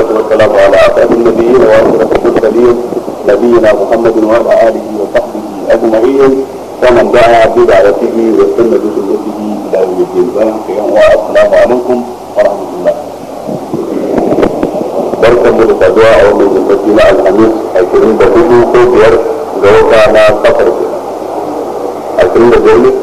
والصلاه والسلام على اطهر النبيين واشرف المرسلين نبينا محمد وعلى اله وصحبه اجمعين ومن دعا بدعوته وسن بسنته الى يوم الدين والسلام عليكم ورحمه الله. بركه من الدعاء ومن المدينه الخميس الكريم بدوده كوبير زوجة على سفر الكريم بدوده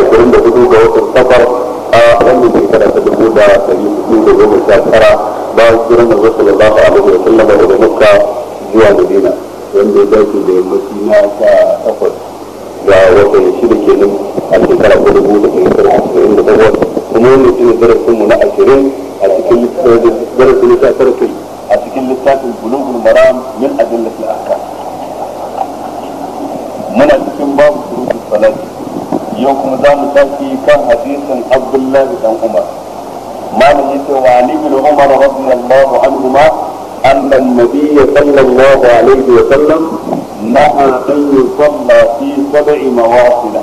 الكريم بدوده زوجة السفر اه امي كانت تقول لها سليم بدوده زوجة السفر bayan jiran da wasu lallahu alaihi wa sallam daga makka zuwa madina wanda ya dace da yammaci na ta takwas ga watan shida kenan a shekara ta dubu da ɗari tara ashirin da takwas kuma wanda shi ne darasinmu na ashirin a cikin darasin na tara kai a cikin littafin bulugul maram min adillatil ahkam muna cikin babu surutu salati yau kuma za mu tafi kan hadisin abdullahi dan umar ما من يتوى عن ابن عمر رضي الله عنهما أن النبي صلى الله عليه وسلم نهى أن يصلى في سبع مواطن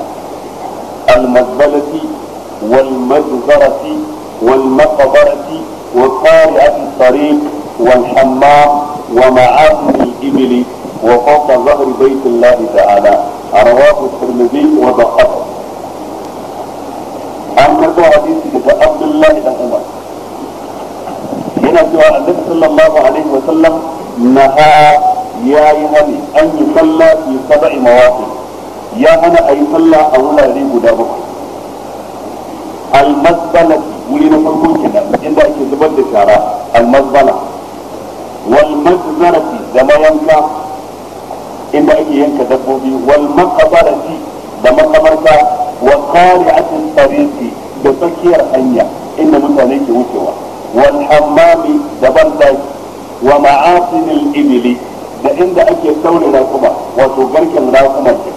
المقبلة والمجزرة والمقبرة وقارعة الطريق والحمام ومعازم الإبل وفوق ظهر بيت الله تعالى رواه الترمذي وبقته karɓo hadisi daga abdullahi dan umar yana cewa annabi sallallahu alaihi wa sallam naha ya yi hani an yi salla fi sab'i mawaqi ya hana a yi salla a wurare guda bakwai al-masbala wuri na farko kenan inda ake zubar da shara al-masbala wal majzarati da mayanka inda ake yanka dabbobi wal maqbarati da makamarta wa qari'atin tariqi da tsakiyar hanya inda mutane ke wucewa wal hammami da bandaki wa ma'asinil ibili da inda ake saurin raƙuma wato garken raƙuma ce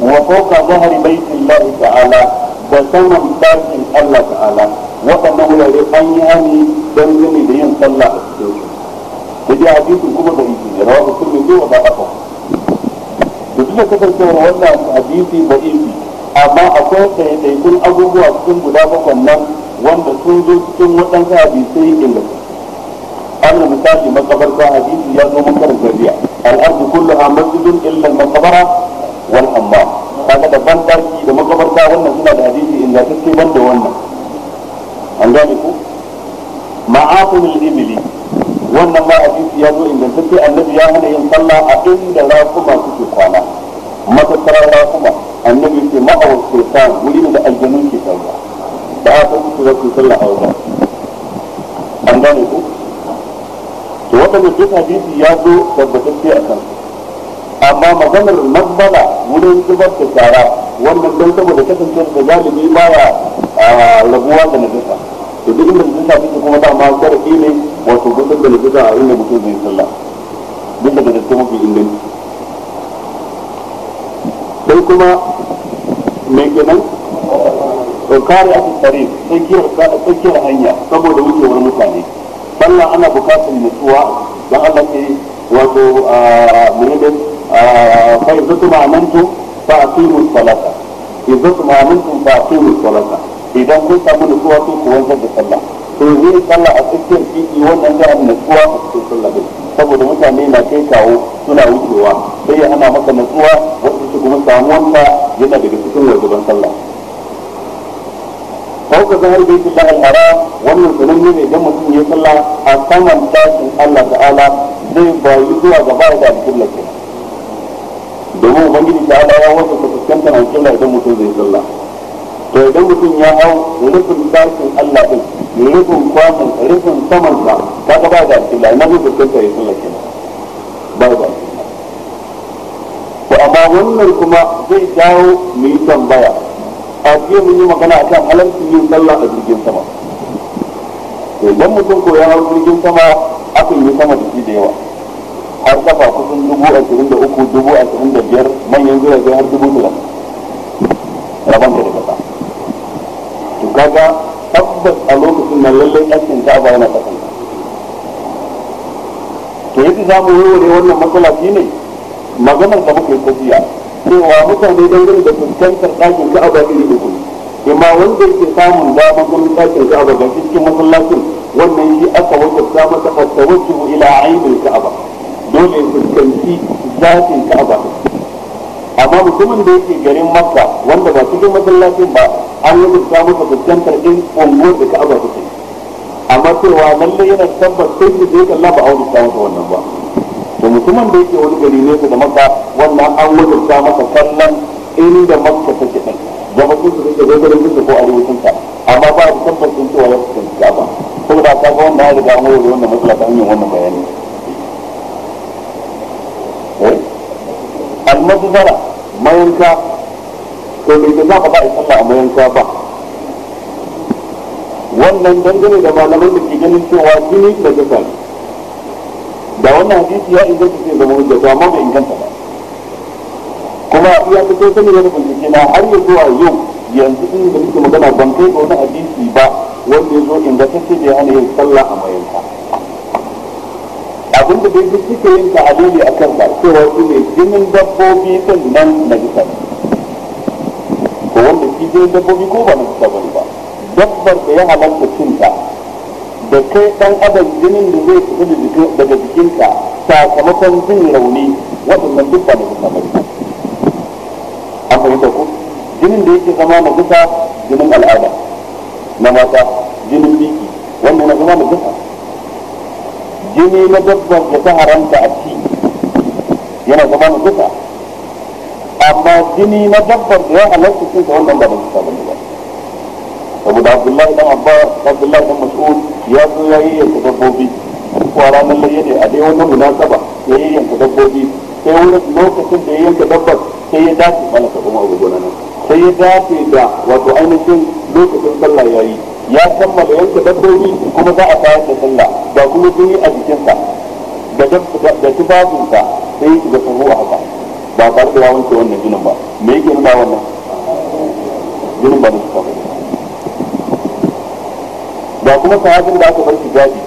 wa fauka zahari baitin lahi ta'ala da saman ɗakin Allah ta'ala waɗannan wurare an yi hani don gani da yin sallah a cikin su da dai hadisin kuma da yake ne rawa mutum ne wa ba a da duka kasancewar wannan hadisi da ibi amma akwai ɗaiɗaikun abubuwa cikin guda bakwai nan wanda sun zo cikin waɗansu hadisai inganta alal misali makabarta hadisi ya zo makar zariya al'ardu a masjidun illa makabara wal amma kaga da ban daki da makabarta wannan suna da hadisi suke ban da wannan an gane ku ma'afin ibili wannan ma hadisi ya zo ingantacce annabi ya hana yin sallah a inda rakuma suke kwana matattarar rakuma wa shaitan wuri ne da aljanun ke da aka san su za su sallah a an gane ku to waɗanda duk hadisi ya zo tabbatacce a kan amma maganar mabbala wurin zubar da shara wannan don saboda kasance da galibi baya rabuwa da najasa to duk inda take kuma dama ne wato gudun da najasa a inda mutum zai sallah duk da gaske mafi inganci sai kuma me kenan to kare a kira tsari tsakiyar hanya saboda wucewar mutane sannan ana bukatar nutsuwa don Allah ke wato muhimmin fa izzatu ma'amantu fa aqimu salata izzatu ma'amantu fa aqimu salata idan kun samu nutsuwa to ku wanzar da sallah to zai sallah a cikin titi wannan zai natsuwa a cikin sallah saboda mutane na kai kawo suna wucewa sai ya ana maka natsuwa wasu su kuma wanda yana daga cikin wajiban sallah fauka zamar bai fi lahal haram wannan sananne ne idan mutum ya sallah a saman tashin Allah ta'ala zai bayu zuwa gaba da alƙibla ke domin ubangiji ala ya wasu ka fuskantar alƙibla idan mutum zai sallah to idan mutum ya hau rufin ɗakin Allah din rufin kwanan rufin saman sa ta ba da kila na rufin kai ya yi kila ba da to amma wannan kuma zai jawo mu yi tambaya a jiya mun yi magana kan halarci yin sallah a jirgin sama to idan mutum ko ya hau jirgin sama akan yi sama da shi da yawa har kafa kusan dubu ashirin da uku dubu ashirin da biyar manyan jiragen har dubu talatin rabon da daga kaga tabbas a lokacin nan lallai ɗakin ta ba yana kasan to yadda za mu warware wannan matsala shi ne maganar da muka yi tafiya cewa mutane dangane da fuskantar ɗakin ta ba iri uku imma wanda yake samun damar ganin ɗakin ta ba ga cikin masallacin wannan shi aka wakilta masa fattawajjuhu ila ainihin ka'aba dole fuskanci zafin ka'aba amma mutumin da yake garin makka wanda ba cikin masallacin ba an yi rubuta masa fuskantar din unguwar da ka'aba take amma cewa lalle yana tabbas sai da zai kalla ba a rubuta masa wannan ba to mutumin da yake wani gari nesa da makka wannan an rubuta masa kallon inda makka ta ke gaba sun su take zai garin ko arewacin ta amma ba a tabbas sun cewa ya fuskanci ka'aba saboda ka ga wannan ya riga an wani wannan matsala ta hanyar wannan bayani المجزرة eh? mayanka to bai za ka ba a sallah a mayanka ba wannan dangane da malaman da ke ganin cewa jini da jasa da wannan hadisi ya inganta sai zama hujja ta ma bai inganta ba kuma iya ta ne sani da bincike na har yi zuwa yau yanzu din da muke magana ban kai ga wani hadisi ba wanda ya zo ce da ya hana yin sallah a mayanka abin da duk suke yin ta alili a kan ba cewa su ne jinin dabbobi din nan na bisa ko wanda shi jinin dabbobi ko ba na bisa ba ba dabbar da ya halatta cinta da kai dan adam jinin da zai fita daga jikinka sakamakon jin rauni waɗannan duk ba na bisa ba an fahimta ku jinin da yake zama na bisa jinin al'ada na mata jinin biki wannan na zama na bisa jini na dabbar da ta haramta a ci yana zama na duka amma jini na dabbar da ya halatta cin ta wannan ba da duka ba ne ba saboda abdullahi dan abba abdullahi dan mas'ud ya zo ya yi yanka dabbobi ko a ranar laye ne a dai wata munasaba ya yi yanka dabbobi sai wani lokacin da ya yanka dabbar sai ya dace ka kuma abu nan sai ya dace da wato ainihin lokacin sallah ya yi ya kammala yanke dabbobi kuma za a kawo da sallah ga kuma jini a jikinsa da tufafinsa sai ya shiga sahu haka ba tare da wanke wannan jinin ba me yake nuna wannan jinin ba da su ba kuma sahabin da aka bar shi gadi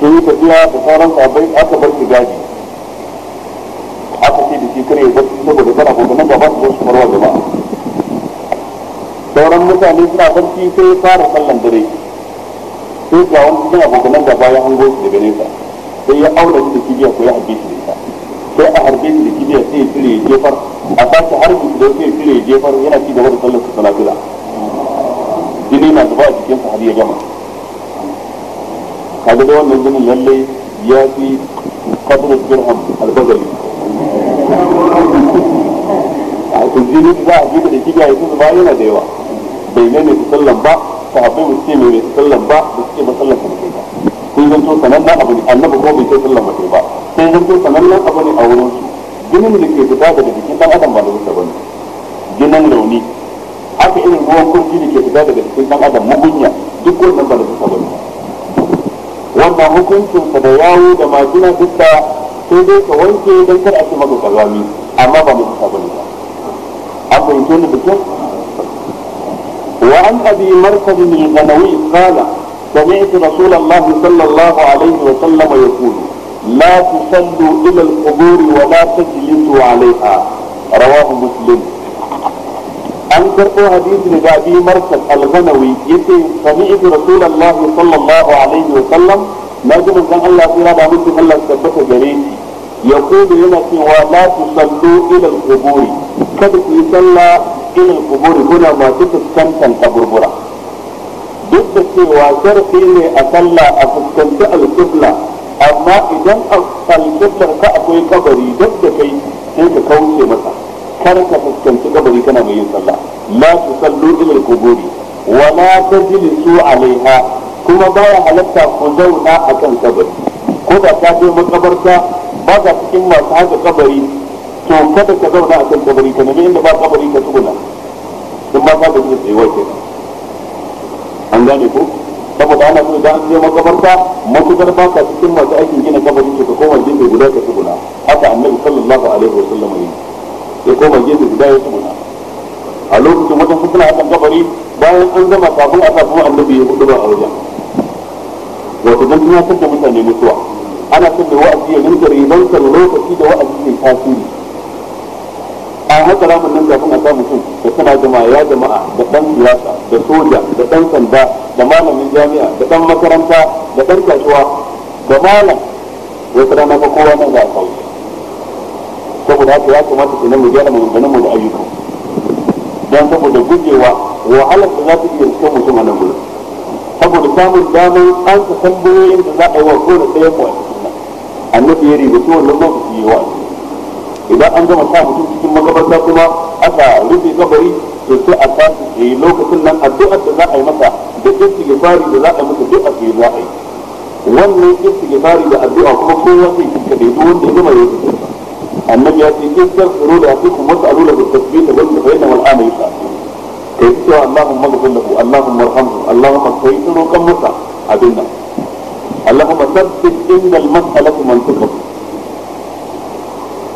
sun yi tafiya da sauran sahabbai aka bar shi gadi aka ce da shi kare ya saboda kana gobe nan gaba su zo su farwa sauran mutane suna barci sai ya fara sallan dare sai ga wani cikin abokanan da bayan an gosu daga nesa sai ya aure shi da kibiya ko ya harbe shi nesa sai a harbe shi da kibiya sai ya cire ya jefar a sace harbi da sai ya cire ya jefar yana ci gaba da sallar su salafila jini na zuba a jikin sa har ya gama kaga da wannan jinin lallai ya fi kadrus birham albazali a kujini za a jiba da kibiya ya zuba yana da yawa bai ne mai sallan ba ta sahabbai ba ce mai mai sallan ba ba su ce ba sallan ka ba sai zan to sanannen abu ne annabi ko bai ce sallan ba ba sai zan to sanannen abu ne a wurin su ginin da ke fita daga jikin dan adam ba da wuce bane ginin rauni haka irin ruwan kurji da ke fita daga jikin dan adam mugunya duk wannan ba da wuce bane wannan hukuncinsa da yawo da majina duk sai dai ka wanke don kar a ce maka kazami amma ba mu fita bane ba an fahimce ni da kyau وعن ابي مركز الغنوي قال سمعت رسول الله صلى الله عليه وسلم يقول لا تصلوا الى القبور ولا تجلسوا عليها رواه مسلم عن كرت حديث من ابي مركز الغنوي يقول سمعت رسول الله صلى الله عليه وسلم ما جمع كان الله في هذا مسلم الله سبحانه جريتي يقول لنا ولا تصلوا الى القبور كذلك يصلى ilal kuburi kuna masu fuskantar kaburbura duk da cewa sharfi ne a sallah a fuskanci alƙibla amma idan a ka akwai kabari duk da kai sai ka kauce masa kar ka fuskanci kabari kana mai yin sallah la tusallu ilal kuburi wa la su alaiha kuma baya halatta ku zauna akan kabari ko da ka je makabarta ba ka cikin masu haka kabari to kada ka zauna a kan kabari ka nemi inda ba kabari ka tsuguna in ba ka da shi tsayuwa ke an gane ko saboda ana so idan an je makabarta matukar ba ka cikin masu aikin gina kabari to ka koma gefe guda ka tsuguna haka annabi sallallahu alaihi wasallam yi ya koma gefe guda ya tsuguna a lokacin wajen fitina akan kabari bayan an gama kafin a kafin annabi ya hudu ba a wajen wato don tunatar da mutane mutuwa ana son da wa'azi ya rinka ribantar lokaci da wa'azi ke tasiri a hatsara mun nan kafin a sa mutum da tana jama'a ya jama'a da dan siyasa da soja da dan sanda da malamin jami'a da dan makaranta da dan kasuwa da malam wata rana fa kowa nan za a saboda haka ya kamata kenan mu gyara maganganun mu da ayyuka dan saboda gujewa wahalar da za ta iya cikin mutum a nan gurin saboda samun damar an ka tambayoyin da za a yi wa kowane ɗayan mu a cikin nan annabi ya ribaci wannan lokaci ya yi cikin idan an gama sa mutum cikin makabarta kuma aka rufe kabari to sai a tashi da yi lokacin nan addu'ar da za a yi masa da istighfari da za a yi masa duk a ke za a yi wannan istighfari da addu'a kuma kowa sai ki kade duk wanda ya gama ya yi annabi ya ce istaghfiru la yakum was'alu lahu da tasbih wal bayna wal amali sa kai cewa Allahumma ighfir lahu Allahumma arhamhu Allahumma kai tsoro kan masa abin nan Allahumma tabbit inda al-mas'alatu mantiqatu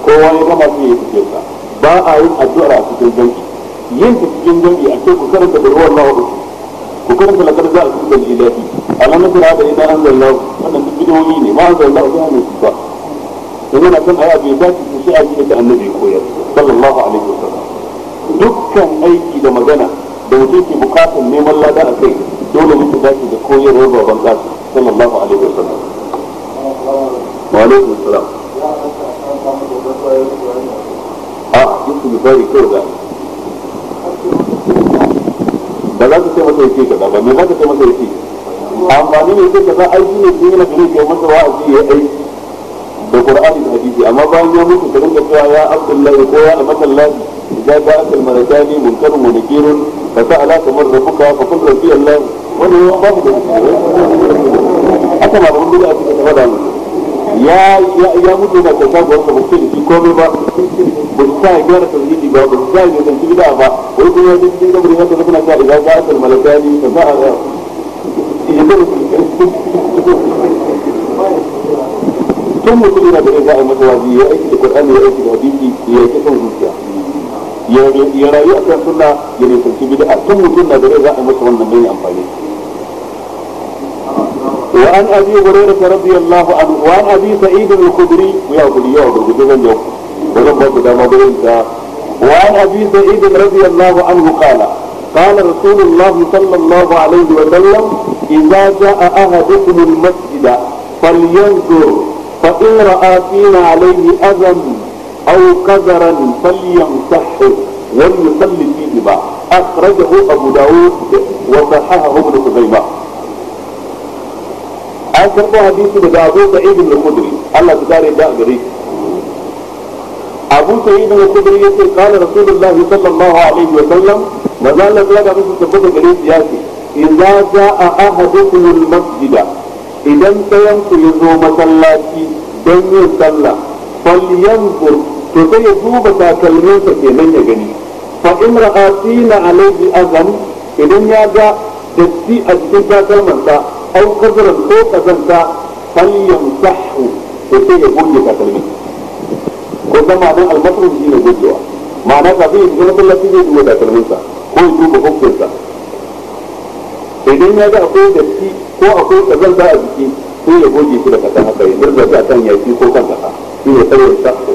kowa ya gama sai yi fice sa ba a yin addu'ar a cikin dangi yin ta cikin dangi a ce ku karanta da ruwan lawa uku ku karanta la karza a cikin dalili lafi alamun kira da idan an zalla wannan duk bidoyi ne ma an zalla ba ne su ba dan yana kan aya bai dace su sai a yi da annabi koyar sallallahu alaihi wasallam dukkan aiki da magana da mutum ke bukatar neman lada a kai dole ne ta dace da koyarwar baban kasu sallallahu alaihi wasallam wa alaikum assalam a ah, istighfari kawai za ba za ka ce yake kaza ba me za ka ce yake amfani ne sai kaza aiki ne sai na gare ka masa wa'azi ya aiki da qur'ani da hadisi amma bayan ya mutu ka rinka cewa ya abdullahi ko ya amallahi idza ja'aka al-malakani munkarun wa nakirun fa sa'ala kamar rabbuka fa qul rabbi allah wannan babu da haka ba mun da ake fada mu ya ya mutu na kyauta ga wanda mutum shi komai ba ba su sa gyara ba ba su sa ba ba kuma cikin sa za a kan malakani ka a ga tun mutum yana da za a yi masa ya aiki da ya aiki da hadisi ya yi zuciya ya rayu a kan sunna ya nisanci bid'a tun mutum na da za a yi masa wannan mai amfani وعن أبي هريرة رضي الله عنه وعن أبي سعيد الخدري ويا أبو يا أبو ولم ما وعن أبي سعيد رضي الله عنه قال قال رسول الله صلى الله عليه وسلم إذا جاء أحدكم المسجد فلينظر فإن رأى فينا عليه أذى أو قدرا فليمسحه وليصلي فيهما أخرجه أبو داود وصححه ابن خزيمة an karɓo hadisi daga abu sa'id ibn khudri Allah ya kare da gare shi abu sa'id ibn khudri yace kana rasulullahi sallallahu alaihi wa sallam manzo Allah ya ga gare shi yace idza jaa ahadukum al-masjida idan tayan ku yazo masallaci dan yin sallah falyanzur to sai ya duba takalminsa kenan ya gani fa imra'atina alaihi azam idan ya ga datti a cikin takalmansa au kazaran ko kazanta falyan sahu to sai ya goge takalmi ko zama nan almasu shi ne gogewa ma'ana kafin ya ne masallaci zai duba takalminsa ko ya duba hukunsa idan ya ga akwai datti ko akwai kazanta a jiki sai ya goge shi da kasa haka ya dirga shi a kan yaki ko kan kasa shi ne tsawon sahu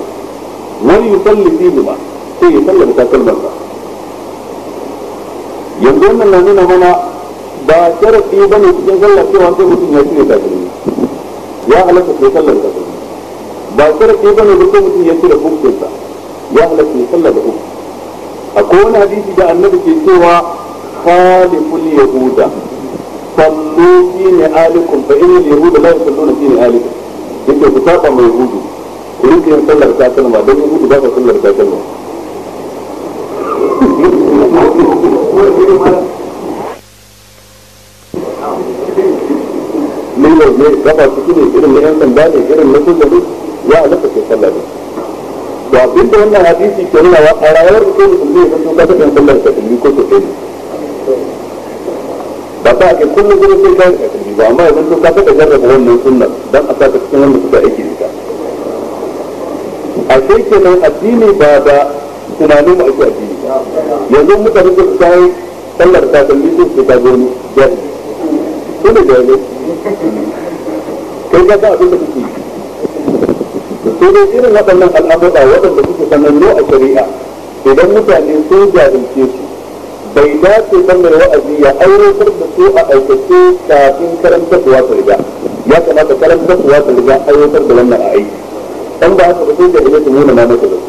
wani yusalli fihi ma sai ya sallama takalmansa yanzu wannan na nuna mana ba sharaɗi ba ne cikin sallah cewa sai mutum ya cire takalmi ya halatta sai sallar takalmi ba sharaɗi ba ne sai mutum ya cire hukuncinsa ya halatta ya sallar da hukunci akwai wani hadisi da annabi ke cewa khaliful yahuda sallu fi ne alikum fa inna yahuda la yusalluna fi ne alikum yake ku saba mai yahudu ku rinka yin sallar takalma don yahudu ba ta sallar takalma ne gafa ciki ne irin na yan sanda ne irin na kuma ne ya halatta ke sallah ne to abin da wannan hadisi ke nuna a rayuwar mutum musulmi ya fito ka taɓa sallar ka tuni ko ko ne ba ta ake kullum gurin sai ka ka ba amma idan ka taɓa jarraba wannan sunnar dan a saka cikin wanda suka aiki da ita a sai kenan addini ba da tunanin mu ake addini yanzu mutane da su kai sallar ta tuni sun ta gani jahili ko da jahili ko ga abin da kuke sai dai irin waɗannan al'amura waɗanda suke sanannu a shari'a idan mutane sun jahilce su bai dace ban mai wa'azi ya aiwatar da su a aikace kafin karantarwa ta riga ya kamata karantarwa ta riga aiwatar da wannan a aiki dan ba haka ba sai jahilai su nuna ma maka da su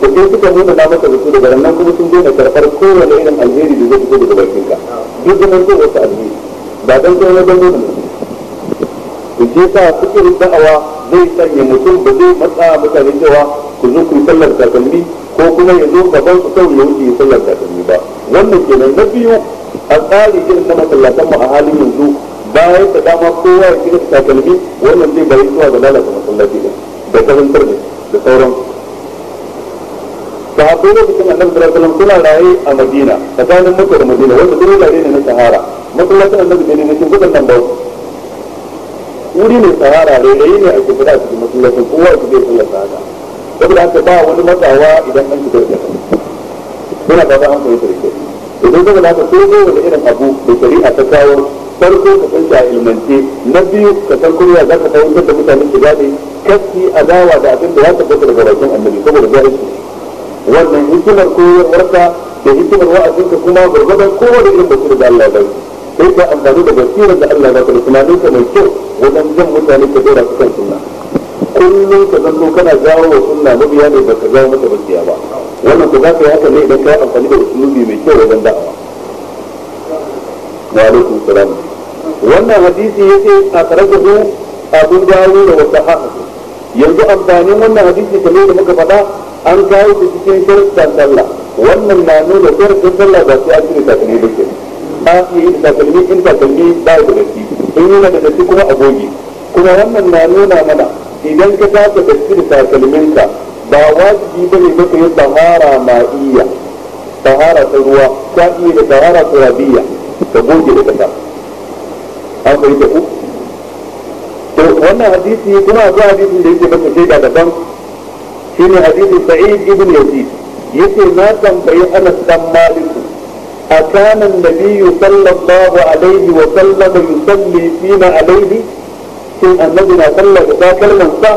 ko sai suka nuna ma maka da su daga nan kuma sun daina karɓar kowane irin alheri da zai fito daga bakinka duk zaman ko wata alheri ba dan kai wajen nuna to shi yasa cikin da'awa zai sanya mutum ba zai matsa mutane cewa ku zo ku sallar takalmi ko kuma ya zo gaban su kawai ya wuce sallar takalmi ba wannan kenan na biyu a tsari irin na masallatan mu a halin yanzu bayan da dama kowa ya kira takalmi wannan zai bari zuwa ga lalata masallaci ne da karantar ne da sauran sahabbai lokacin annabi sallallahu alaihi suna raye a madina tsakanin makka da madina wanda dole ne na sahara masallacin annabi ne na cikin gudan nan ba wuri ne tsahara rairayi ne ake fada cikin masallacin kowa su zai sallar tsahara saboda haka ba wani matsawa idan an shiga da suna ba an koyi sarki idan saboda haka ko ko wani irin abu da shari'a ta kawo farko ka san shi a ilmance na biyu ka san kuma za ka fahimtar da mutane su gane kaski adawa da abin da ya tabbata daga bakin annabi saboda jahilci wannan hikimar koyarwarka da hikimar wa'azinka kuma gurgurdan kowane irin da da Allah ya sai ka amfani da basirar da Allah ya baka tunanin ka mai kyau wajen jan mutane ka dora su kan sunna kullum ka zanto kana jawo wa sunna mabiya ne baka jawo mata bakiya ba wannan za zaka yi haka ne idan ka yi amfani da usulubi mai kyau wajen da'awa wa alaikum salam wannan hadisi yake a karajahu abun dawo da wata haka yanzu amfanin wannan hadisi kamar da muka faɗa an kawo shi cikin shirin sallah wannan na nuna shirin sallah ba su an cire takalmi ba ke a da takalmi in takalmi ba da datti in yana da datti kuma a kuma wannan na nuna mana idan ka taka datti da takalminka ba wajibi ba ne maka yin tahara ma'iyya tahara ta ruwa ta iya da tahara turabiyya ka goge da kasa an fahimta ku to wannan hadisi kuma a akwai hadisin da yake masa shaida daban ne hadisin sa'id ibn yazid yace na tambayi Anas dan Malik أكان النبي صلى الله عليه وسلم يصلي فينا عليه إن النبي صلى ذاك المنصة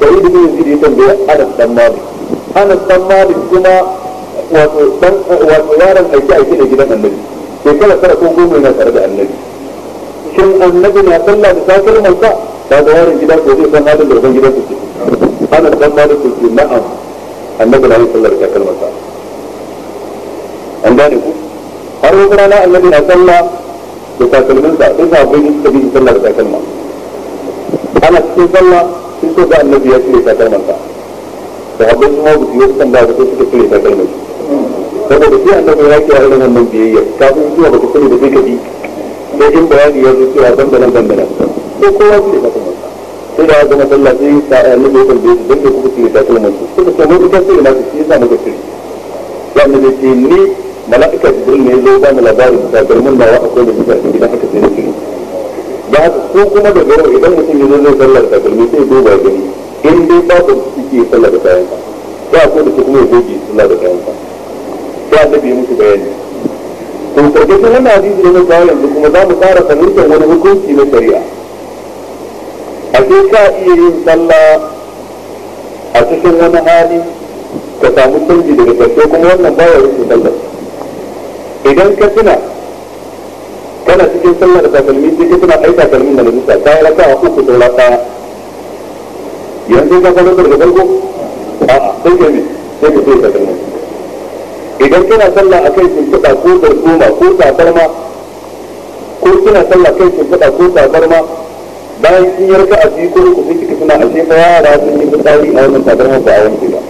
سعيد بن يزيد يتنبيه أنس بن مالك أنس بن مالك كما وتوارا أيجاء جدا النبي shekara tara ko goma yana tare da annabi shin annabi na sallah da sakar mansa ta da gida ko zai san da uban gidansa ke ana san malikin na'am annabi na da an gane ku har wata rana annabi na sallah da takalminsa sai sahabbai ne suka bi sallah da takalma ana cikin sallah sai so ga annabi ya cire da sahabbai su ma su yi wasu tambaya ba suka cire takalmin saboda sai annabi ya kira irin wannan biyayya kafin zuwa ba ku sani da sai sai in bayani ya zo cewa dandanan dandanan sai kowa cire takalmansa sai da zama sallah sai ta annabi ya tambaye su dan da kuka cire takalmansu suka ce mun ita sai ina su shi yasa muka cire ya annabi ce ni mala'ika jibril ne zo ba mu labarin ta garmin da akwai da shi a gidan haka sai nake da haka ko kuma da garo idan mutum ya zo sallar da garmi sai duba gani in dai ba ku suke sallar da kayan ba ko da kuma ya goge sallar da kayan ba sai annabi ya musu bayani to karkashin wannan hadisi ne muka yanzu kuma za mu fara fahimtar wani hukunci na shari'a a sai ka iya yin sallah a cikin wani hali ka samu canji daga karshe kuma wannan baya rufe sallar idan ka tuna kana cikin sallah da takalmi sai ka tuna ai takalmin da na nisa ta yara ta uku saura ta yanzu ka fara da farko a sai ka sai ka sai takalmi idan kana sallah akan shimfiɗa ko darduma ko tabarma ko kina sallah kan shimfiɗa ko tabarma bayan sun ka a biyu ko uku sai kika tuna a shefa yara sun yi fitsari a wannan tabarma ba a wani ba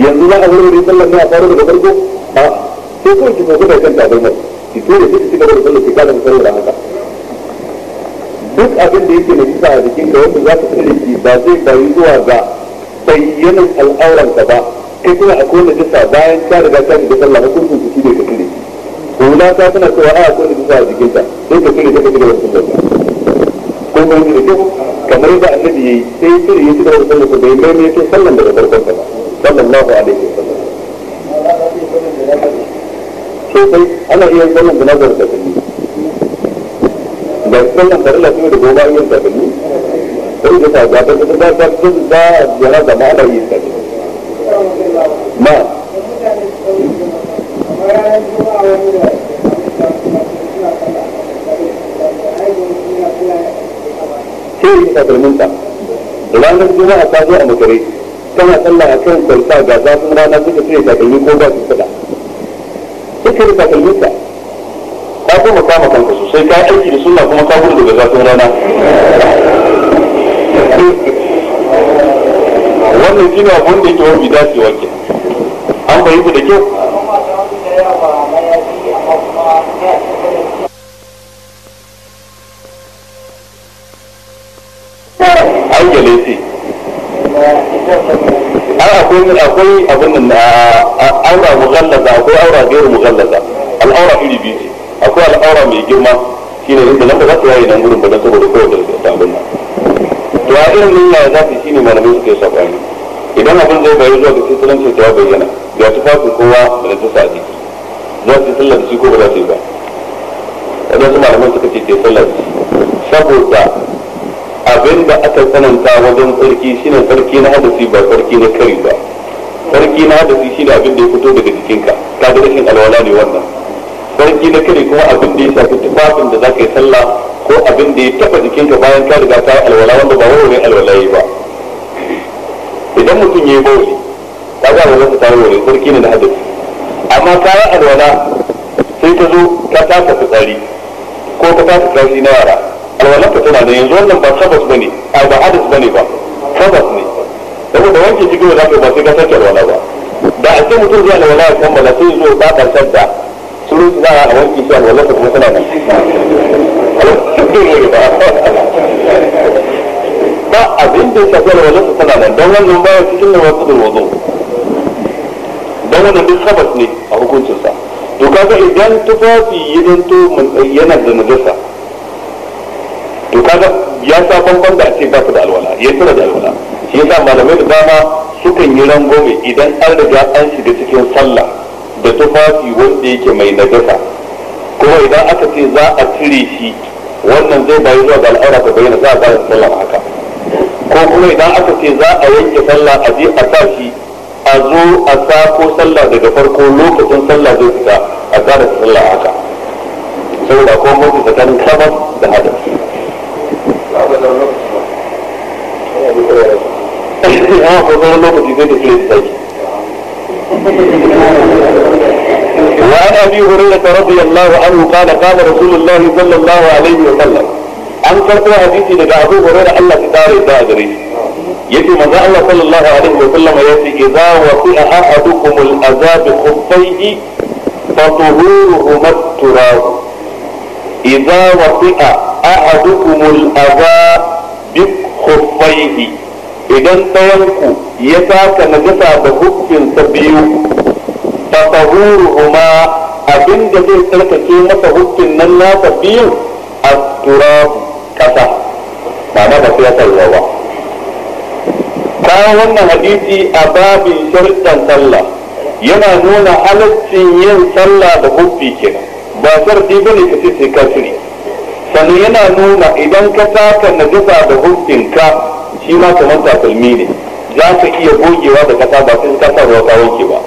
yanzu za a warware sallah ne a fara daga farko a sai kuma ki gobe da kan tabarmar ki tura sai ki gaba da sallar ki kada ku sallar haka duk abin da yake najisa a jikin ka wanda za ka tsare ki ba zai bayi zuwa ga bayyanan al'auran ka ba kai kuma akwai najisa bayan ka riga ka shiga sallah ko hukuncin ki ne ka tsare hula ta tana cewa a akwai najisa a jikin ta sai ka tsare ta ka gaba da sallar ko ba ni da kyau kamar da annabi yayi sai ya tsare ya ci gaba da sallar sa bai mai ne sai sallan daga farkon ta ba sallallahu alaihi wasallam sosai ana iya wannan jana'izar da sallan tare da da goma yin da sai da ta da ta da ta jana da ma'ana ma yi ta zo a makare tana sallah a kan kwalta ga zafin rana suka cire takalmi ko ba su fada cire takalminka ka kuma kama kanka sosai ka aiki da sunna kuma ka gudu daga zafin rana wannan shine abun da yake wani dacewa ke an fahimta da kyau akwai abin da aura mughallaza akwai aura gairu mughallaza al'aura iri biyu ce akwai al'aura mai girma shine inda nan ba za ta yayi nan gurin ba saboda kowace ta abin nan to a irin nan ya za ta shine malamai suke sabani idan abin zai bayyana zuwa ga sitilanci ta bayyana ga fasu kowa da ta sa jiki za ta sallar shi ko ba za ta yi ba su malaman suka ce ke sallar shi saboda abin da aka sananta wajen tsarki shine tsarki na hadasi ba tsarki na kari ba sarki na shi shine abin da ya fito daga jikinka ka da rashin alwala ne wannan sarki na kare kuma abin da ya shafi tufafin da za ka yi sallah ko abin da ya taba jikinka bayan ka riga ka yi alwala wanda ba wani alwala yi ba idan mutum ya yi bauli ka ga wani ta wani sarki ne da hadasi amma ka yi alwala sai ka zo ka taka fitsari ko ka taka kashi na yara alwalar ka tana da yanzu wannan ba sabas ne ba hadis ne ba sabas saboda wanke jikin da ba sai ka sake wala ba da ake mutum zai alwala ya kammala sai zo ba karshen da surun za a wanke shi alwala ta kuma tana ba abin da ya shafi alwala ta tana nan don wannan baya cikin da wasu durwazo don wannan duk sabas ne a hukuncinsa to kaga idan tufafi ya zanto yana da najasa to kaga ya sa bambam da a ce ba ka da alwala ya tana da alwala shi yasa malamai da dama sukan yi rangwame idan an riga an shiga cikin sallah da tufafi wanda yake mai najasa kuma idan aka ce za a cire shi wannan zai bayi zuwa ga al'aura ta bayyana za a bayar sallah haka ko kuma idan aka ce za a yanke sallah a je a sa shi a zo a sako sallah daga farko lokacin sallah zai fita a tsara sallah haka saboda ko mutu tsakanin kamar da hadasi ce a ah, ko zama lokaci zai tafi da sake وعن ابي هريره رضي الله عنه قال قال رسول الله صلى الله عليه وسلم an karɓo hadisi daga abu hurairah Allah ta kare da gare shi yake manzo Allah sallallahu alaihi wa sallam yace idza wa fi ahadukum al azab khuffaihi fa tuhuruhu maturab idza wa fi ahadukum al azab bi khuffaihi idan ɗayanku ya saka najasa da hukunsa biyu fa tahuruhuma abin da zai tsarkake masa hukkin nan nasa biyu a turab ƙasa, ba na da sai ba bayan wannan hadisi a babin sharɗan sallah yana nuna halaccin yin sallah da hukki kenan ba sharɗi ne ka ce sai sannan yana nuna idan ka saka najasa da hukkinka shi ma kamar takalmi ne za ka iya gogewa da kasa ba sai ka sa ruwa ka wanke ba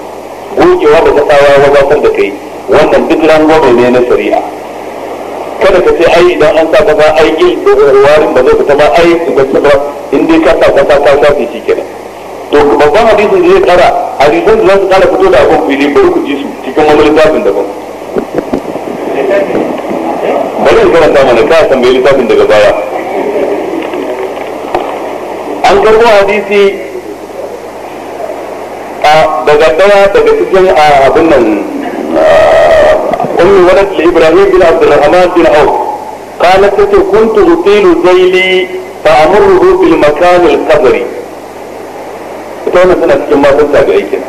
gogewa da kasa ya wadatar da kai wannan duk rangwame ne na shari'a kada ka ce ai idan an sa ba ai da warin ba zai fita ba ai ga sabra in dai ka sa kasa ka sa shi kenan to babban hadisin da zai kara hadisan da za su kara fito da abin fili bari ku ji su cikin wani littafin daban bari in karanta mana ka tambayi littafin daga baya an karbo hadisi daga daya daga cikin abin nan ummi walad li ibrahim bin abdurrahman bin auf قالت كنت أطيل ذيلي فأمره بالمكان القبري ita tana cikin matan tabi'ai aikin.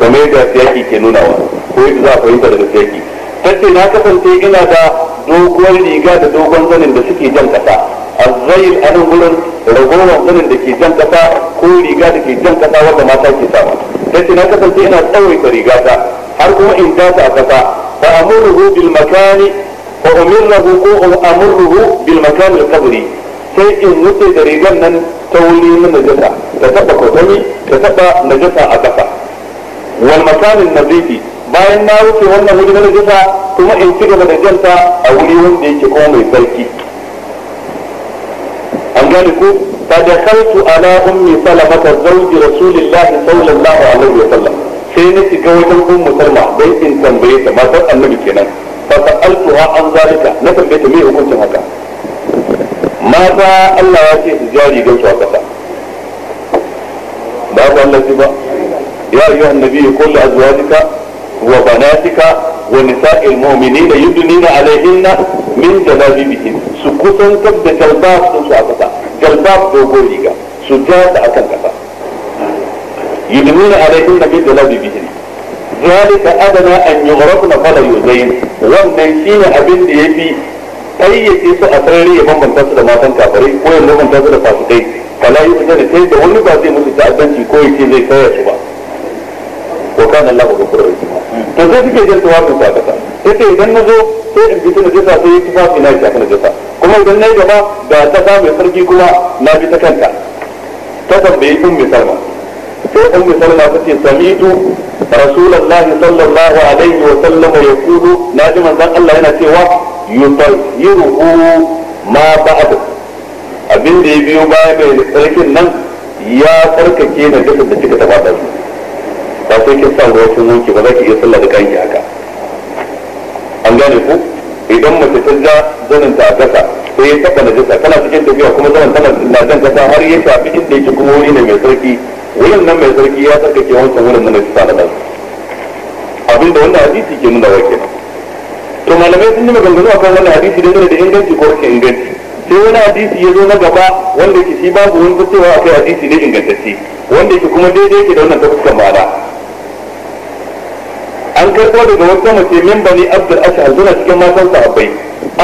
kamar yadda siyaki ke nunawa ko yadda za a fahimta daga siyaki tace na kasance ina da doguwar riga da dogon zanin da suke jan kasa azzail a nan gurin ragowar zanin da ke jan ƙasa ko riga da ke jan ƙasa wanda mata ke sawa sai na kasance ina tsawaita riga ta har kuma in ta a ƙasa fa amurruhu bil makani fa umirruhu ko amurruhu bil makani al qabri sai in wuce da rigan nan ta wuri na najasa ta taba kotami ta taba najasa a kasa wal makanin nazifi bayan na wuce wannan wuri na najasa kuma in ci gaba da janta a wuri wanda yake kuma mai sarki ذلك فدخلت على أم سلمة زوج رسول الله صلى الله عليه وسلم sai na shiga wajen ummu salma dai in tambaye ta matar annabi kenan fa na tambaye Allah ya ce su jari don su haka ba ku Allah ya min da jalabibihim su kusantar da jalbab din su a kasa jalbab dogon riga su ja ta kan kasa nuna yudmina alaihim da min jalabibihim zalika adana an yughrafna fala yuzayn wannan shine abin da ya yafi fayyace su a sarari ya bambanta su da matan kafirai ko ya bambanta su da fasikai fala yuzayn da sai da wani ba zai musu ta'addanci ko ce zai kawai su ba ko kana Allahu ghafurur rahim to sai suke jin tawafin sa kasa sai idan na zo sai in fito na jisa sai yi tufafi na shafi na jisa kuma idan na yi gaba da ta sa mai sarki kuma na bi ta kanta ta tambayi kun mai salma sai kun mai salma ta ce samitu rasulullahi sallallahu alaihi wa sallama ya kudu na ji manzan Allah yana cewa yutayyiruhu ma ba'du abin da ya biyo baya mai sarkin nan ya tsarkake na jisa da cika ta ba su ba sai kin sa ruwa kin ba za ki iya sallah da kanki haka an gane ku idan mace ta ja zanin ta kasa sai ya taba najasa tana cikin tafiya kuma zanin tana na jan kasa har ya shafi inda yake kuma wuri ne mai sarki wurin nan mai sarki ya tsarkake wancan wurin na najasa na nan abinda wannan hadisi ke nuna wake to malamai sun yi maganganu akan wannan hadisi dangane da inganci ko rashin inganci sai wani hadisi ya zo na gaba wanda ke shi babu wani fitowa a kai hadisi ne ingantacce wanda ke kuma daidai ke da wannan ta ma'ana an karɓo daga wata mace min bani abdul ashar suna cikin matan sahabbai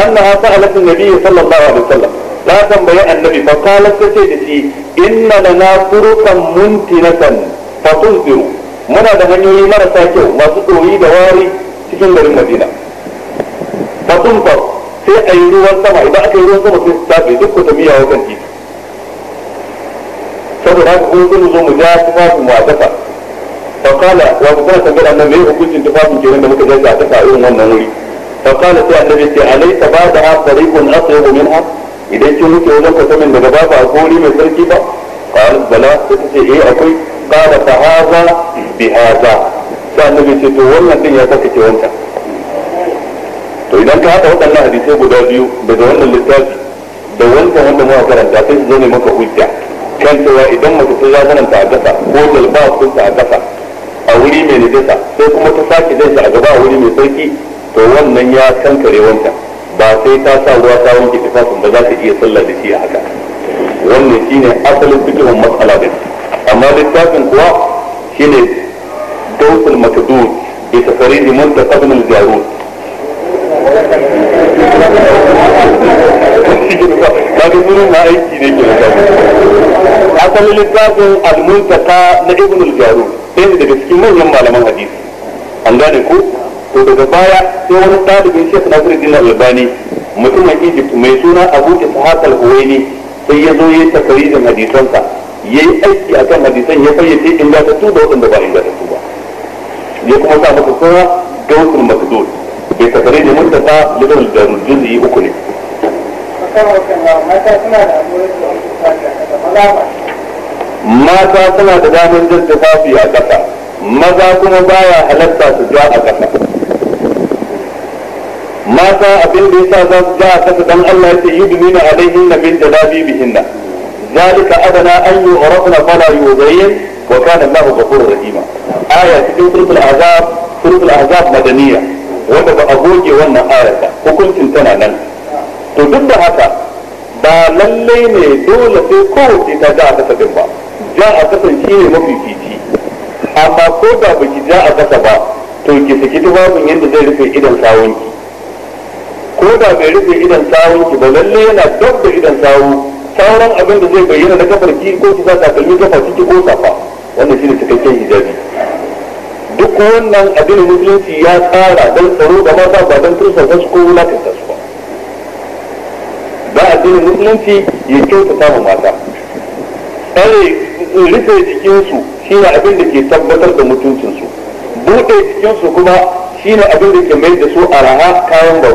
annaha sa'alat annabi sallallahu alaihi wasallam ta tambaye annabi fa qalat ce da shi inna lana turukan muntinatan fa tunziru muna da hanyoyi marasa kyau masu ɗoyi da wari cikin garin madina fa tunfar sai a yi ruwan sama idan aka yi ruwan sama sai su tafi duk ku tafiya wajen titi saboda haka kun zo mu ja tufafin mu a kasa fakala wa ku san ga annabi mai hukuncin tufafin kenan da muka je a tafa irin wannan wuri fakala sai annabi ce alaysa ba'daha fariqun asyab minha idan kin wuce wajen kasamin daga babu a gori mai sarki ba qala bala sai ta ce eh akwai qala fa hadha bi hadha sai annabi ce to wannan din ya saka ke wancan to idan ka haɗa waɗannan hadisai guda biyu daga wannan littafi da wancan wanda muka karanta sai su zo ne maka hujja kan cewa idan mace ta zamananta a ƙasa ko jalba sun ta a ƙasa a wuri mai najasa sai kuma ta sake jan shi a gaba a wuri mai sarki to wannan ya kankare wanta ba sai ta sa ruwa ta wanke tufafin ba za ta iya sallah da shi a haka wannan shi ne asalin fikihun matsala din amma littafin kuwa shi ne shine dausul makdud bi tafaridi muntaqabn al-jarud shi ke da ka ga gurin na aiki ne ke da asalin littafin al-muntaka na ibn al-jarud ɗaya daga cikin manyan malaman hadisi an gane ko to daga baya sai wani ɗalibin shekh nasiruddin albani mutumin egypt mai suna abu ishaq al-huwaini sai ya zo ya takarijin hadisansa ya yi aiki a kan hadisan ya fayyace ingantattu da waɗanda ba ingantattu ba ya kuma sa masa kowa gausul makdud bai takarijin mutaka lidar al-jarud juz'i uku ne mata suna da damar jin tufafi a ƙasa maza kuma baya halatta su ja a ƙasa mata abin da yasa za su ja a ƙasa dan Allah yake yudmina alaihinna min jalabibihinna zalika adana an yu'rafna fala yuzayin wa kana Allahu ghafurur rahima aya cikin suratul azab suratul azab madaniya wanda ba a goge wannan ayata hukuncin tana nan to duk da haka ba lallai ne dole sai kowace ta ja a kasafin ba ja a kasan shi ne mafi fici amma ko da ba ki ja a kasa ba to ki saki tufafin yadda zai rufe idan sawunki ko da bai rufe idan sawunki ba lallai yana dab da idan sawu sauran abin da zai bayyana na kafar ki ko ki sa takalmi kafa ciki ko safa wannan ne cikakken hijabi duk wannan abin musulunci ya tsara don tsaro da mata ba don tursa su ko wulakanta su ba ba a addinin musulunci ya kyautata ma mata tsare rufe jikinsu ne abin da ke tabbatar da mutuncinsu buɗe jikinsu kuma shi ne abin da ke mai da su araha kayan ba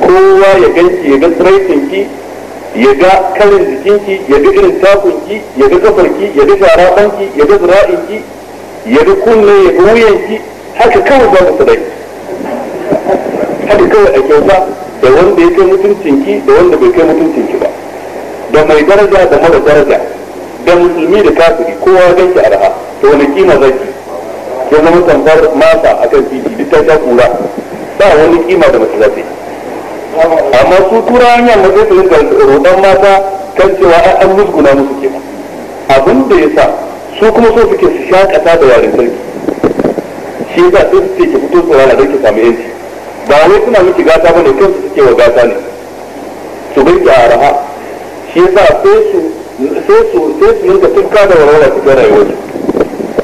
kowa ya ganki ya ga tsiraitinki ya ga karin jikinki ya ga irin takunki ya ga kafarki ya ga sharaɓanki ya ga zira'inki ya ga kunne ya ga haka kawai za mu sadaki haka kawai a kyauta da wanda ya kai mutuncin ki da wanda bai kai mutuncin ki ba da mai daraja da mara daraja da musulmi da kafiri kowa ya ganki arha to wani kima zaki ya zama tamfar masa akan titi duk ta sha kura ba wani kima da mace zafi amma su turawan yamma sai su rinka roɗon mata kan cewa ai an musguna musu ke abin da ya sa su kuma so suke su shakata da yaren sarki shi sa sai su ce ki fito rana don ki samu yanci ba wai suna miki gata bane su suke wa gata ne su bai ki araha shi yasa sai su sai su sai su rinka tukka da warwara cikin rayuwar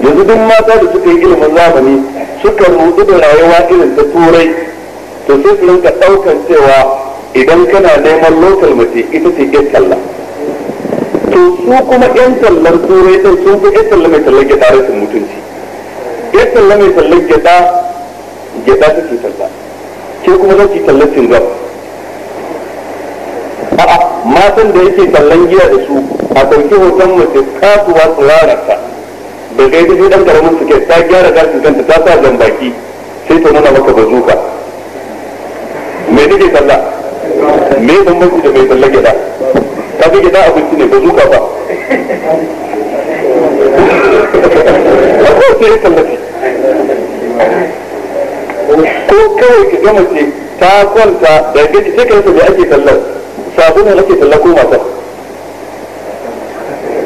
yanzu duk mata da suka yi ilimin zamani suka rudu da rayuwa irin ta turai to sai su yanka ɗaukar cewa idan kana neman lokal mace ita ce yan talla to su kuma yan tallar turai din sun fi yan talla mai tallar gyaɗa rashin mutunci yan talla mai tallar gyaɗa gyaɗa take talla ke kuma za ki gab gam a'a matan da yake tallan giya da su a ɗauki hoton mace kasuwa tsirararta da kai da dan karamin suke ta gyara gashin kanta ta sa jan baki sai ta nuna maka bazuka me nake talla me bambanci da mai talla gida ka ga gida abinci ne bazuka ba a kowace ya tallafi ko kawai ka gama ce ta kwanta da gaji ce ka rasa da ake sallar sabunan ake sallar ko mata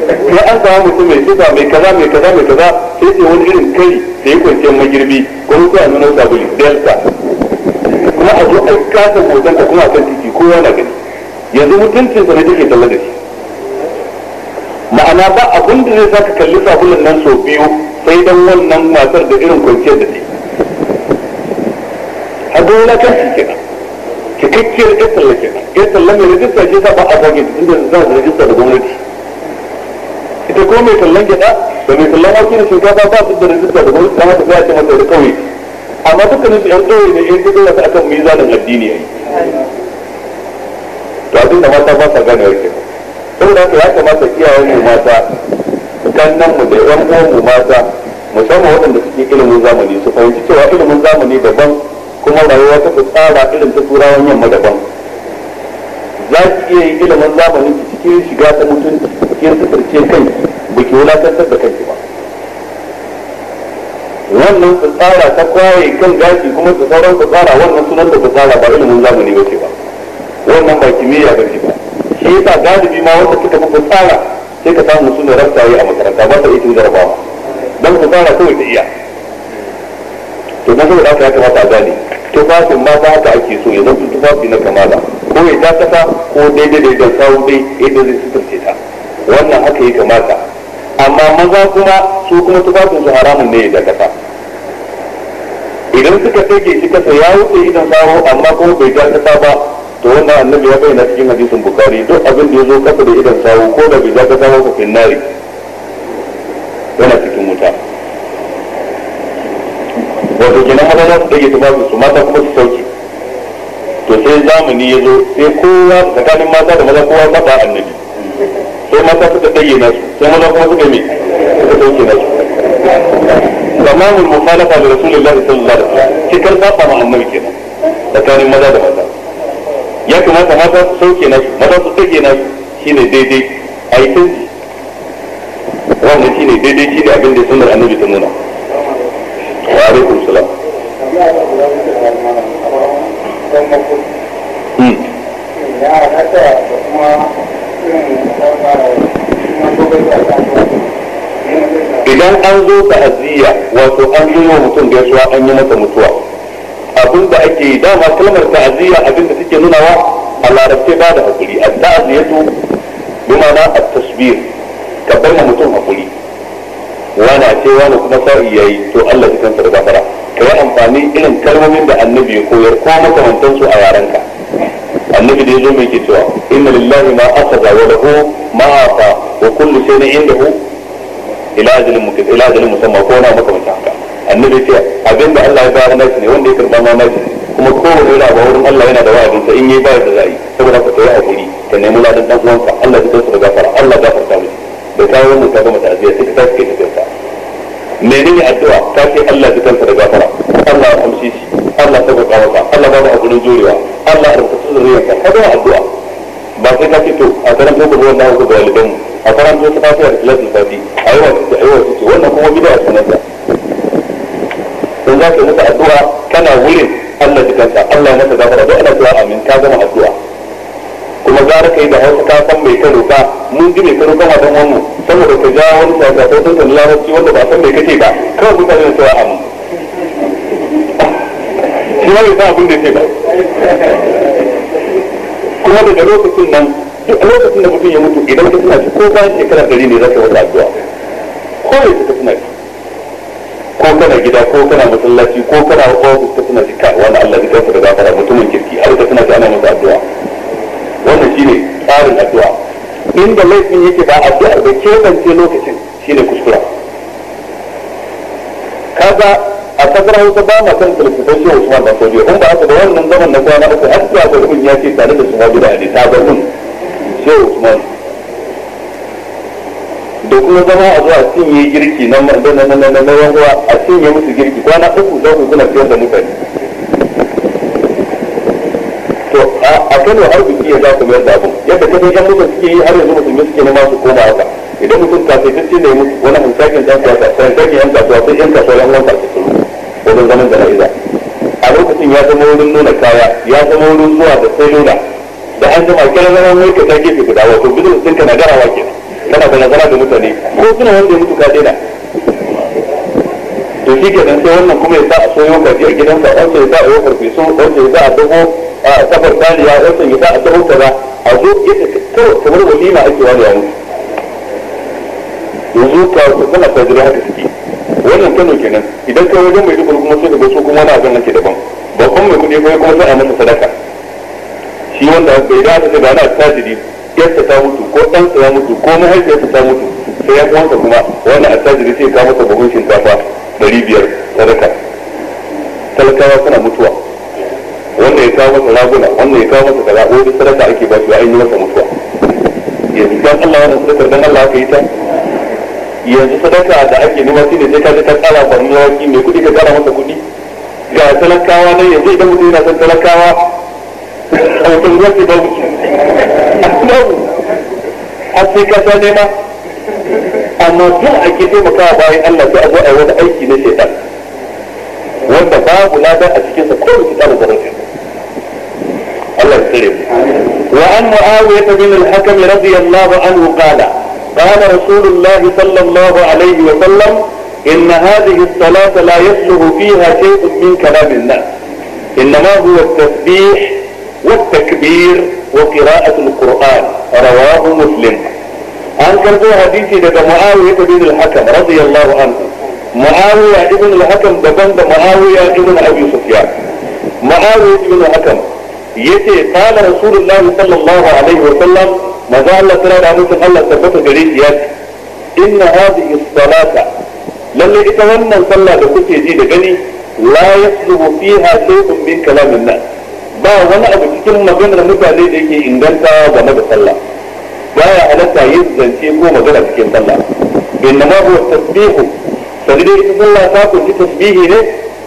sai an samu mutum mai kisa, mai kaza mai kaza mai kaza sai ce wani irin kai da ya kwanciyar magirbi ko mutu a nuna sabuli delta kuma a zo an kasa hoton ka kuma a kan titi kowa na gani yanzu mutuncin mutuncinsa ne take sallar da shi ma'ana ba abin da zai ka kalli sabulun nan sau biyu sai dan wannan matar da irin kwanciyar da take kaga wulakanci kenan cikakkiyar ya talla kenan ya talla mai rajista shi sa ba a zage ta tunda za su rajista da gwamnati ita ko mai tallan gyaɗa da mai tallan waki da shinkafa ba su da rajista da gwamnati don haka sai a ce masa da kauye amma dukkanin su 'yan ɗoye ne 'yan ɗoye su akan mizanin addini yayi to abin da mata ba sa gane wake saboda haka ya kamata iyayen mu mata kannan mu da yan uwan mu mata musamman waɗanda suke ilimin zamani su fahimci cewa ilimin zamani daban kuma rayuwa ta tsara irin ta turawan yamma daban za ki iya yin ilimin zamani ki cikin shiga ta mutunci cikin suturce kanki ba ki wulatantar da kanki ba wannan tsara ta kwaye kan gashi kuma ta sauran tsara wannan sunan da tsara ba ilimin zamani ba ke ba wannan ba kimiyya ba ke ba shi yasa galibi ma wanda suka fi tsara sai ka samu sunan rasta a makaranta ba ta yi tun jarabawa don tsara kawai ta iya to na saboda haka ya kamata a gane tufafin ba haka ake so ya zama tufafi na kamala ko ya ta kasa ko daidai da idan sawu dai yadda zai sutarce ta wannan haka ya kamata amma maza kuma su kuma tufafin su haramun ne ya ta idan suka take shi kasa ya wuce idan sawu amma kuma bai ta ba to wannan annabi ya bayyana cikin hadisin bukari duk abin da ya zo kasa da idan sawu ko da bai ta kasa ba ku finnari yana cikin wuta wato kenan maza za su dage tufafi su mata kuma su sauki to sai zamani ya zo sai kowa tsakanin mata da maza kowa mata annabi sai mata suka dage nasu sai maza kuma suka mai suka sauke nasu تمام المخالفة da rasulun صلى الله عليه وسلم كتر saba مع النبي tsakanin maza da maza ya kamata mata su sauke nasu mata su tsage nasu shine daidai a yi canji wannan shine daidai shi da abin da sunar annabi ta nuna وعليكم السلام idan an zo ta'aziyya wato an yi wa mutum gaisuwa an yi masa mutuwa abin da ake yi dama kalmar ta'aziyya abin da suke nunawa a larabce ba da hakuri a ta'aziyyatu bi ma'ana at-tasbir ka bar mutum hakuri wani ce wani kuma sa'i yi to Allah ya kansa da gafara ka yi amfani irin kalmomin da annabi ya koyar ko makamantan a yarenka annabi da ya zo mai ke cewa inna lillahi ma akhadha wa lahu ma afa wa kullu shay'in indahu ila ajalin ila ajalin musamman ko na makamantan haka annabi ce abinda Allah ya bayar na ne wanda ya karba ma na kuma kowane yana ba wurin Allah yana da wa'adin sa in yi bayar da za'i saboda ka tsaye a guri ka nemi ladan dan uwanka Allah ya kansa da gafara Allah to ta wannan ta gama ta'aziyya sai ta tafi cikin ta menene addu'a ta ce Allah ya kansa da gafara Allah ya amshi shi Allah ya sauka maka Allah ba mu hakurin jurewa Allah ya rubuta zuriyarka ka ga addu'a ba sai ka ce to a karan ko ko wannan ko walidan a karan ko ta fara da lafi fadi aiwa aiwa ce wannan kuma bid'a ce nan dan za ka yi masa addu'a kana wurin Allah ya kansa Allah ya masa gafara don ana cewa amin ka gama addu'a gara kai da hausa ta san mai karo ka mun ji mai karo kana don wannan saboda ka ja wani sakamakon sun kan larabci wanda ba san mai kake ba kawai mutane su a mu shi ma bai abin da ke ba kuma daga lokacin nan duk lokacin da mutum ya mutu idan ka tuna shi ko bayan shekara ɗari ne za ka wata addu'a ko ne ka tuna shi ko kana gida ko kana masallaci ko kana ofis ka tuna shi ka wani Allah ya kafa da gafara mutumin kirki har ka tuna shi ana masa addu'a wannan ne tsarin addu'a inda laifin yake ba addu'a da kebance lokacin shi ne kuskura kaza a kasar hausa ba ma san kalifitar shi usman da sojiya in ba haka da wannan zaman na kwana uku har zuwa gurbin ya ce tare da su ma gida ne ta shi usman da kuma zama a zuwa cinye girki na na na na na na a cinye musu girki kwana uku za ku kuna ciyar da mutane a kano har biki ya za ku mayar da abin yadda ta yan mutum suke yi har yanzu musulmi suke nema su koma haka idan mutum kasaitacce ne wani hansakin ɗan kasuwa hansakin yan kasuwa sai yanka kasuwa yan wanda su wajen zaman da na'iza a lokacin ya zama wurin nuna kaya ya zama wurin zuwa da sai nuna da an zama kira zama wai ka ta gefe guda wato bizin sun ka nagara wa kenan kana da nagara da mutane ko suna wanda ya mutu ka daina to shi dan sai wannan kuma ya sa a soyo ka a gidansa wanda ya sa a yi sun wanda ya sa a dogo a kafar saniya wancan ya sa a taho kaza a zo yadda ta kamar walima ake wani ya mutu yanzu ka suna fajiri haka suke wannan kano kenan idan kai wajen mai dukkan kuma sai daga su kuma wani abin ake daban babban mai kuɗi kuma kuma sai a masa sadaka shi wanda bai da haka sai da ana tajiri yarsa ta mutu ko ɗansa ya mutu ko mahaifiyarsa ta mutu sai ya kwansa kuma wani attajiri sai ya ka masa buhun shinkafa ɗari biyar sadaka talakawa suna mutuwa wanda ya kawo masa raguna wanda ya kawo masa kaza wani sadaka ake ba shi wa ainihin masa mutuwa yanzu dan Allah wannan sadakar dan Allah aka yi ta yanzu sadaka da ake nema shi ne sai ka je ka kara farin yawaki mai kuɗi ka tsara masa kuɗi ga talakawa ne yanzu idan mutum yana son talakawa a wata ruwa ce ba babu har sai ka sha nema amma tun ake taimakawa bayan Allah sai a zo a yi wani aiki na shaitan wanda babu ladan a cikinsa ko mutum ta da zarafi الله يسلم وعن معاوية بن الحكم رضي الله عنه قال قال رسول الله صلى الله عليه وسلم إن هذه الصلاة لا يصلح فيها شيء من كلام الناس إنما هو التسبيح والتكبير وقراءة القرآن رواه مسلم عن karbo hadisi daga بن الحكم رضي الله عنه معاويه بن الحكم al-Hakam بن ابي سفيان معاويه بن الحكم yace qala rasulullahi sallallahu alaihi wa sallam maza Allah tara da mutum Allah tabbata gare shi ya ce inna hadhihi salata lalle ita wannan sallah da kuke ji da gani la yasluhu fiha shay'un min kalamin nas ba wani abu cikin maganar mutane da yake inganta game da sallah baya halatta yin zance ko magana cikin sallah inna ma huwa tasbihu sai dai ita sallah ta kunshi tasbihi ne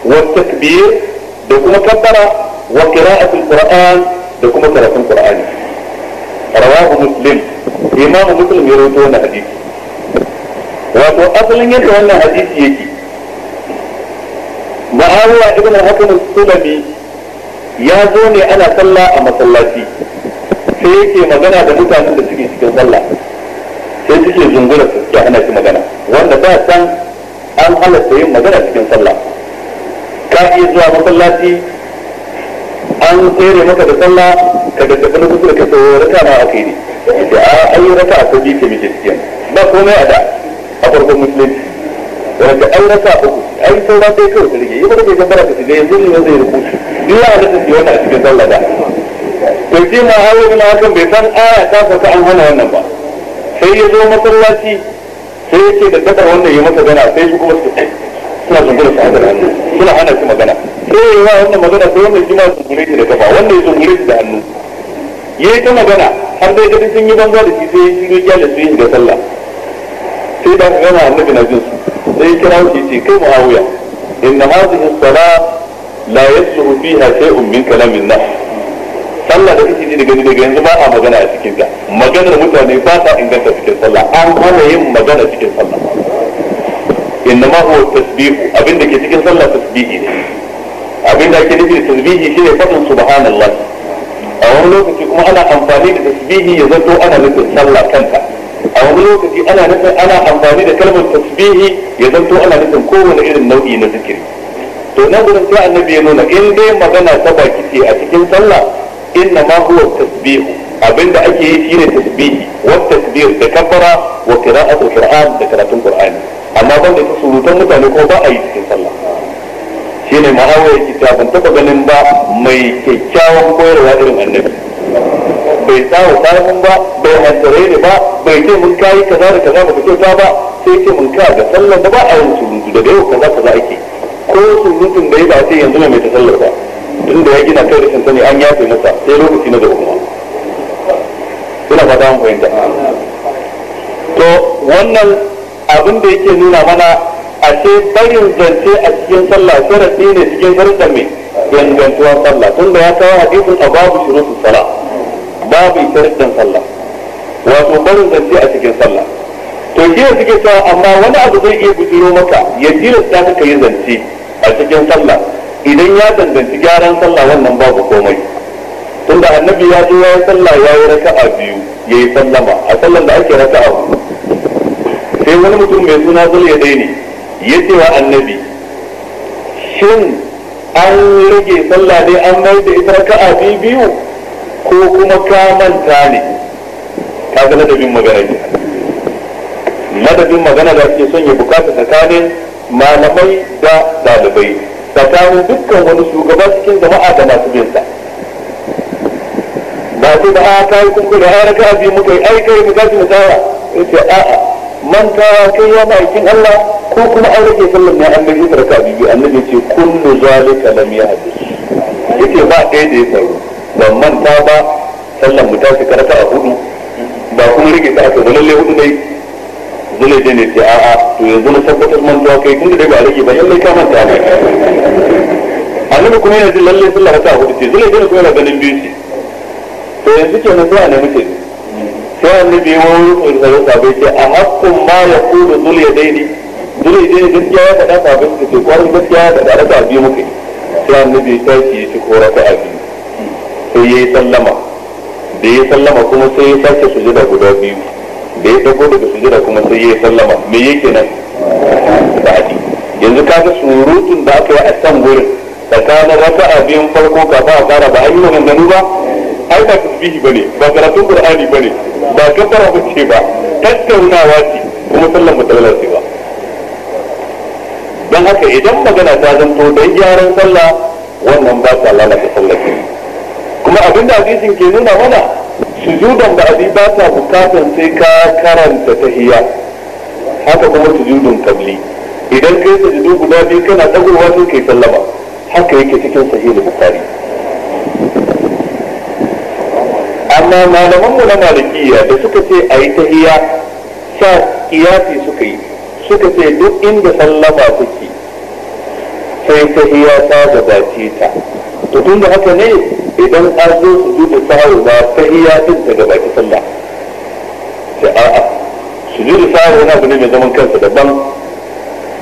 wa takbir da kuma kabbara wa qira'atul qur'an da kuma karatun qur'ani rawahu muslim imamu muslim ya rawaito wannan hadisi wato asalin yadda wannan hadisi yake ma'awiya ibn al-hakim sulami ya zo ne ana sallah a masallaci sai yake magana da mutanen da suke cikin sallah sai suke zungura su suke hana magana wanda ba san an halatta yin magana cikin sallah ka iya zuwa masallaci an tsere maka da sallah ka tafi na kusur ka tsawo raka ma aka yi ne da a ayi raka ko bi ke muke cikin ba komai a da a farkon musulunci wanda an raka uku ai saura sai kawai ta rige yi maka ke gambara ka shiga yanzu ne zai rubutu duk ya da su wannan a cikin sallah da to shi ma hawo ina hakan bai san aya ta saka an hana wannan ba sai ya zo masallaci sai ya ce da kasar wannan ya masa gana sai su kuma su suna zungura su hada hannu suna hana shi magana sai ya wa wannan magana sai wannan shi ma zungure shi da kafa wanda ya zungure shi da hannu ya yi ta magana har dai gadi sun yi banza da shi sai ya shigo kyale su yi da sallah sai da aka gama annabi na jin su sai ya kira shi ce kai muawiya inna hadhihi as-salah la yasluhu fiha shay'un min kalamin nas sallah da kake ji da gani daga yanzu ba a magana a cikin ta maganar mutane ba ta inganta cikin sallah an hana yin magana cikin sallah innama huwa tasbihu abinda ke cikin sallah tasbihi abinda ake nufi da tasbihi shine fadin subhanallah a wani lokaci kuma ana amfani da tasbihi ya zanto ana nufin sallah kanta a wani lokaci ana amfani da kalmar tasbihi ya ana nufin irin nau'i na zikiri to nan gurin sai annabi ya nuna in dai magana ta baki ce a cikin sallah inna ma huwa tasbihu abinda ake yi shine tasbihi wa tasbih da kabbara wa qira'atul qur'an da karatun qur'ani amma ban da surutan mutane ko ba a yi cikin sallah ne ma'awai yake ban taɓa ganin ba mai kyakkyawan koyarwa irin annabi bai tsawo kayan ba bai hantarai ne ba bai ce mun kayi kaza da kaza baka kyauta ba sai ce mun kaya ga sallar da ba a yin surutu da yau kaza kaza ake ko surutun da ya ba ce yanzu mai ta sallar ba tun da ya gina kai da sani an yafe masa sai lokaci na da kuma suna fata an fahimta to wannan abin da yake nuna mana a ce barin zance a cikin sallah sharafi ne cikin sharuɗa mai gangantuwar sallah tun da ya kawo hadisin a babu su sallah babu sharuɗin sallah wato barin zance a cikin sallah to shi ne suke cewa amma wani abu zai iya bujiro maka ya da ka yi zance a cikin sallah idan ya danganci gyaran sallah wannan babu komai tunda annabi ya zo ya yi sallah ya yi raka'a biyu ya yi sallama a sallan da ake raka'a sai wani mutum mai suna zul ya daini ya ce wa annabi shin an rage sallah ne an mai da ita ka a biyu ko kuma ka manta ne ka ga ladabin magana ke ladabin magana da ke son ya bukata tsakanin malamai da dalibai tsakanin dukkan wani shugaba cikin jama'a da masu bin sa ba su da a kai kuskure a biyu muka yi ai mu tashi mu tsaya ce a'a mantawa kai ya bakin Allah ko kuma aure ke sallar ne an rage sarka bibi annabi ce kullu zalika lam hadu yake ba ɗaya da ya faru ba manta ba sallar mu ta shekara ta hudu ba kuma rage ta aka zalalle hudu dai zalalle ne ce a'a to yanzu na tabbatar mantawa kai tun da dai ba rage ba lallai ka manta ne annabi kuma yana jin lalle sallar ta hudu ce dai ne kuma yana ganin biyu ce to yanzu kenan sai a nemi ce sai annabi ya wuri sabai ce a hakkun ma ya ya daidai ya ya sai annabi ya tashi ya ci kora ta sai ya yi sallama da ya sallama kuma sai ya sake sujada guda biyu da ya dago daga sujada kuma sai ya yi sallama me yake nan ba'adi yanzu ka ga surutun da aka yi a can gurin tsakanin raka'a biyun farko k'a a fara ba a yi maganganu ba ai ba tasbihi bane ba karatun qur'ani bane ba kafara ba ce ba tattaunawa ce kuma sallan matsalar ce ba don haka idan magana ta zanto don gyaran sallah wannan ba ta lalata sallah kuma abinda hadisin ke nuna mana sujudan da abi ba ta bukatan sai ka karanta tahiyya haka kuma sujudun kabli idan kai sujudu guda biyu kana dagowa sai kai sallama haka yake cikin sahihul bukhari amma malaman mu na malikiya da suka ce a yi tahiya sa kiyafi suka yi suka ce duk inda sallama kuke sai tahiya ta gabace ta to tun da haka ne idan an zo su duba sahawu ma tahiya din ta gabace sallah sai a'a su duba sahawu wani abu ne mai zaman kansa daban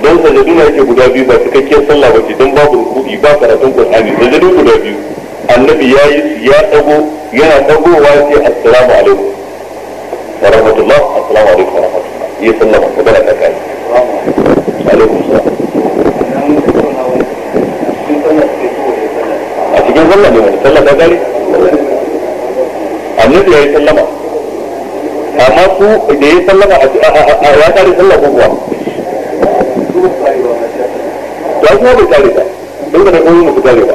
don sajadu yake guda biyu ba cikakkiyar sallah ba ce don babu rukudi ba karatun qur'ani sajadu guda biyu annabi ya yi ya dago yana dagowa ce assalamu alaikum wa rahmatullah assalamu alaikum wa rahmatullah yi sallama magana tsakani alaikum salam a cikin sallah ne wani sallah ta gari annabi ya yi sallama amma ku da ya sallama a ya kare sallah ko kuwa to kuma bai kare ta don da na kuma mutu kare ba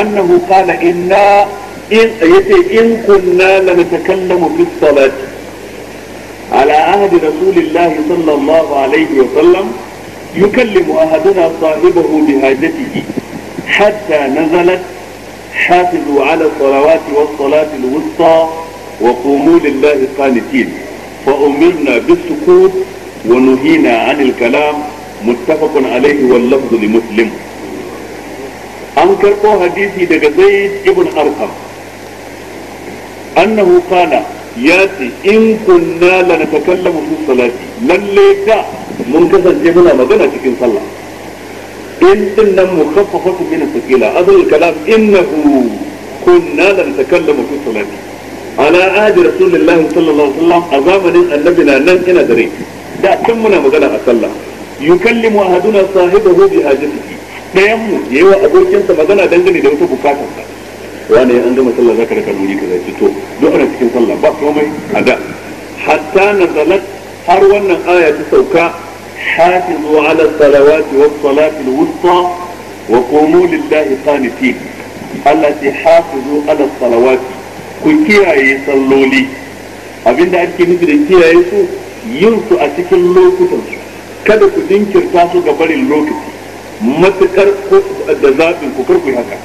أنه قال إنا إن, إن كنا لنتكلم في الصلاة على عهد رسول الله صلى الله عليه وسلم يكلم أحدنا صاحبه بهاجته حتى نزلت حافظوا على الصلوات والصلاة الوسطى وقوموا لله قانتين فأمرنا بالسكوت ونهينا عن الكلام متفق عليه واللفظ لمسلم an karɓo hadisi daga zaid ibn arqam annahu kana ya ce in kunna la natakallamu fi salati lalle da mun kasance muna magana cikin sallah in din nan mukhaffafatu min thaqila azal kalam innahu kunna la natakallamu fi salati ala ahdi rasulillahi sallallahu alaihi wasallam a zamanin annabi na nan ina dare da kan muna magana a sallah yukallimu ahaduna sahibahu bi hajatihi ɗayan mu yayi wa abokinsa magana dangane da wata bukatar sa wani an gama sallah zaka raka nuni kaza ce to duk ana cikin sallah ba komai a da hatta nazalat har wannan aya ta sauka hafizu ala salawati was salati wusta wa qumu lillahi qanitin Allah ce hafizu ala salawati ku kiyaye salloli abinda ake nufi da kiyaye su yin su a cikin lokutan kada ku dinkirta su ga barin lokaci matukar da zaɓin ku karku haka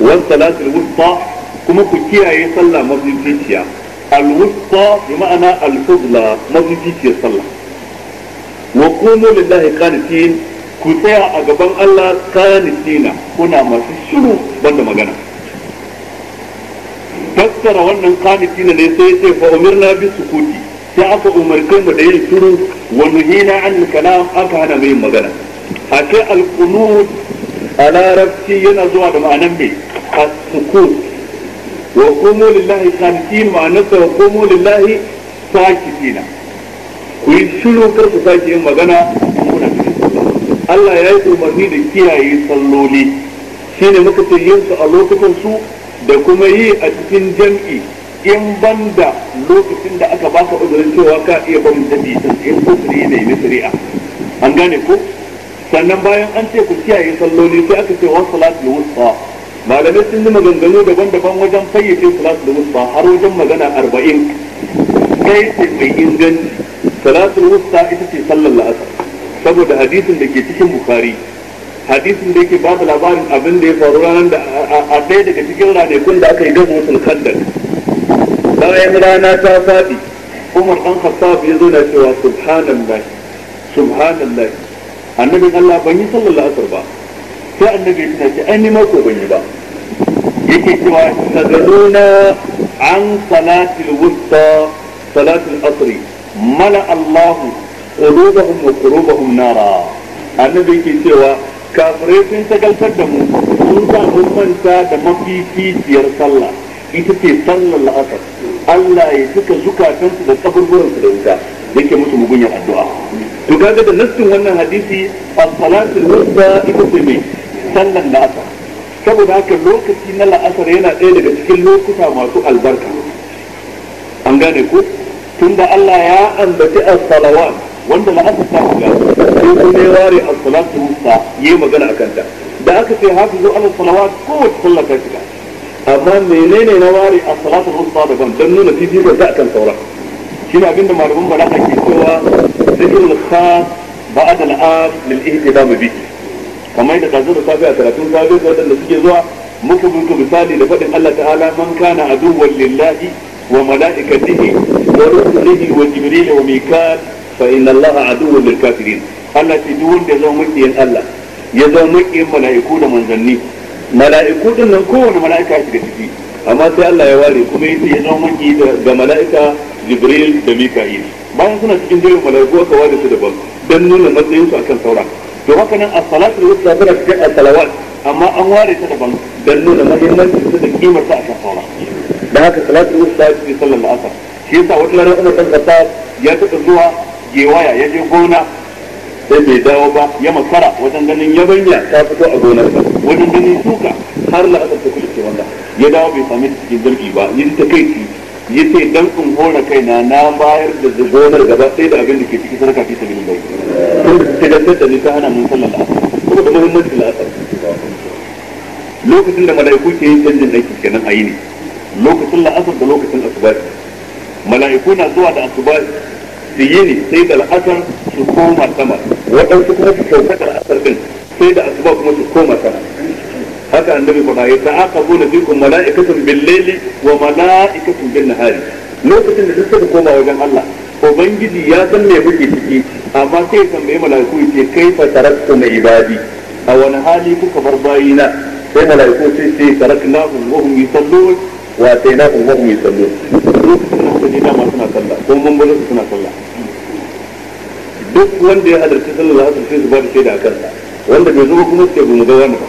wan salatul wusta kuma ku kiyaye sallah mazuciya al wusta bi ma'ana al fudla mazuciya sallah wa qumu lillahi qanitin ku tsaya a gaban Allah qanitina kuna masu shiru banda magana fassara wannan qanitina ne sai sai fa umirna bi sukuti sai aka umarce mu da yin shiru wa nuhina an kalam aka hana mai magana akai alqunut a larabci yana zuwa da ma'anan mai as-sukut wa qumu lillahi qanitin ma'anarsa wa qumu lillahi sakitina ku yi shiru kar ku sake yin magana Allah ya yi umarni da kiyaye salloli shine muka ce yin su a lokacin su da kuma yi a cikin jam'i in banda lokacin da aka baka udurin cewa ka iya barin jam'i in kusuri ne na shari'a an gane ko sannan bayan an ce ku kiyaye salloli sai aka ce wasu da wusta malamai sun yi maganganu daban-daban wajen fayyace da wusta har wajen magana arba'in sai ce mai salatu da wusta ita ce sallar la'asar saboda hadisin da ke cikin bukari hadisin da yake babu labarin abin da ya faru ranar da a ɗaya daga cikin ranakun da aka yi gabo wasu kandar bayan rana ta faɗi umar ɗan khattab ya zo na cewa subhanallah subhanallah annabin Allah ban yi sallar la'asar ba sai annabi ya ce ai ni mako ban yi ba yake cewa tagaluna an salatil wusta salatil asri mala Allah qulubahum wa qulubahum nara annabi yake cewa kafirai sun tagaltar da mu sun sa mun manta da mafi sallah ita ce sallar la'asar Allah ya cika zukatansu da kaburburansu da wuta yake musu mugunyar addu'a to kaga da nassin wannan hadisi as-salatu al-wusta ita ce mai sallan la'asar saboda haka lokaci na la'asar yana ɗaya daga cikin lokuta masu albarka an gane ku tunda Allah ya ambaci as-salawat wanda la'asar ta shiga sai kuma ya ware as-salatu al-wusta yi magana akan ta da aka ce hafizu ala salawat kowace sallah ta shiga amma menene na ware as-salatu al-wusta daban dan nuna fifikon ta akan sauran shi ne abinda za balaga ke cewa ba a الذكر الخاص بعد العام للاهتمام به kamar da kazo da safi a karatun safi waɗanda suke zuwa muka muka misali da faɗin Allah ta'ala man kana aduwwan lillahi wa mala'ikatihi wa rusulihi wa jibril wa mikal fa inna Allah aduwwan lil kafirin Allah ce duk wanda ya zama mukiyin Allah ya zama mukiyin mala'iku da manzanni mala'iku din nan kowane mala'ika shi da ciki amma sai Allah ya ware kuma yace ya zama mukiyi ga mala'ika jibril da mika'il bayan suna cikin jirin malaiku aka ware su daban dan nuna matsayin su akan saura to haka nan a salatu wuta tana cikin a salawat amma an ware ta daban dan nuna muhimmancin su da kimar ta akan saura da haka salatu wusta cikin sallar asar shi yasa wata ranar Umar dan Khattab ya taɓa zuwa gewaya ya je gona sai bai dawo ba ya makara wajen ganin yabanya ta fito a gonar ba wajen ganin shuka har la'asar ta kuɗi ce wanda ya dawo bai sami cikin jirgi ba ya ji ta kai yace dan in hore kai na bayar da zubonar gaba sai da abin da ke cikin sarka fi sabilin bai tun da suke dantar da ni ta hana mun sallar asar kuma da muhimmancin asar lokacin da mala'iku ke yin canjin aiki kenan a yi ne lokacin la'asar da lokacin asuba mala'iku na zuwa da asuba su yi ne sai da la'asar su koma sama waɗansu kuma su kyauta da la'asar din sai da asubar kuma su koma sama haka annabi faɗa ya ta'aqabuna fikum mala'ikatun bil-laili wa mala'ikatun bin-nahari lokacin da duk suka koma wajen Allah ubangiji ya san me kuke ciki amma sai ya tambaye mala'iku ya ce kaifa taraktu na ibadi a wani hali kuka bar bayina sai mala'iku sai ce taraknahum wa hum yusallun wa atainahum wa hum yusallun lokacin da kuka ji dama suna sallah ko mun bar suna sallah duk wanda ya halarci sallar asar sai su ba da shaida a kansa wanda bai zo kuma sai bu mu ga wani ba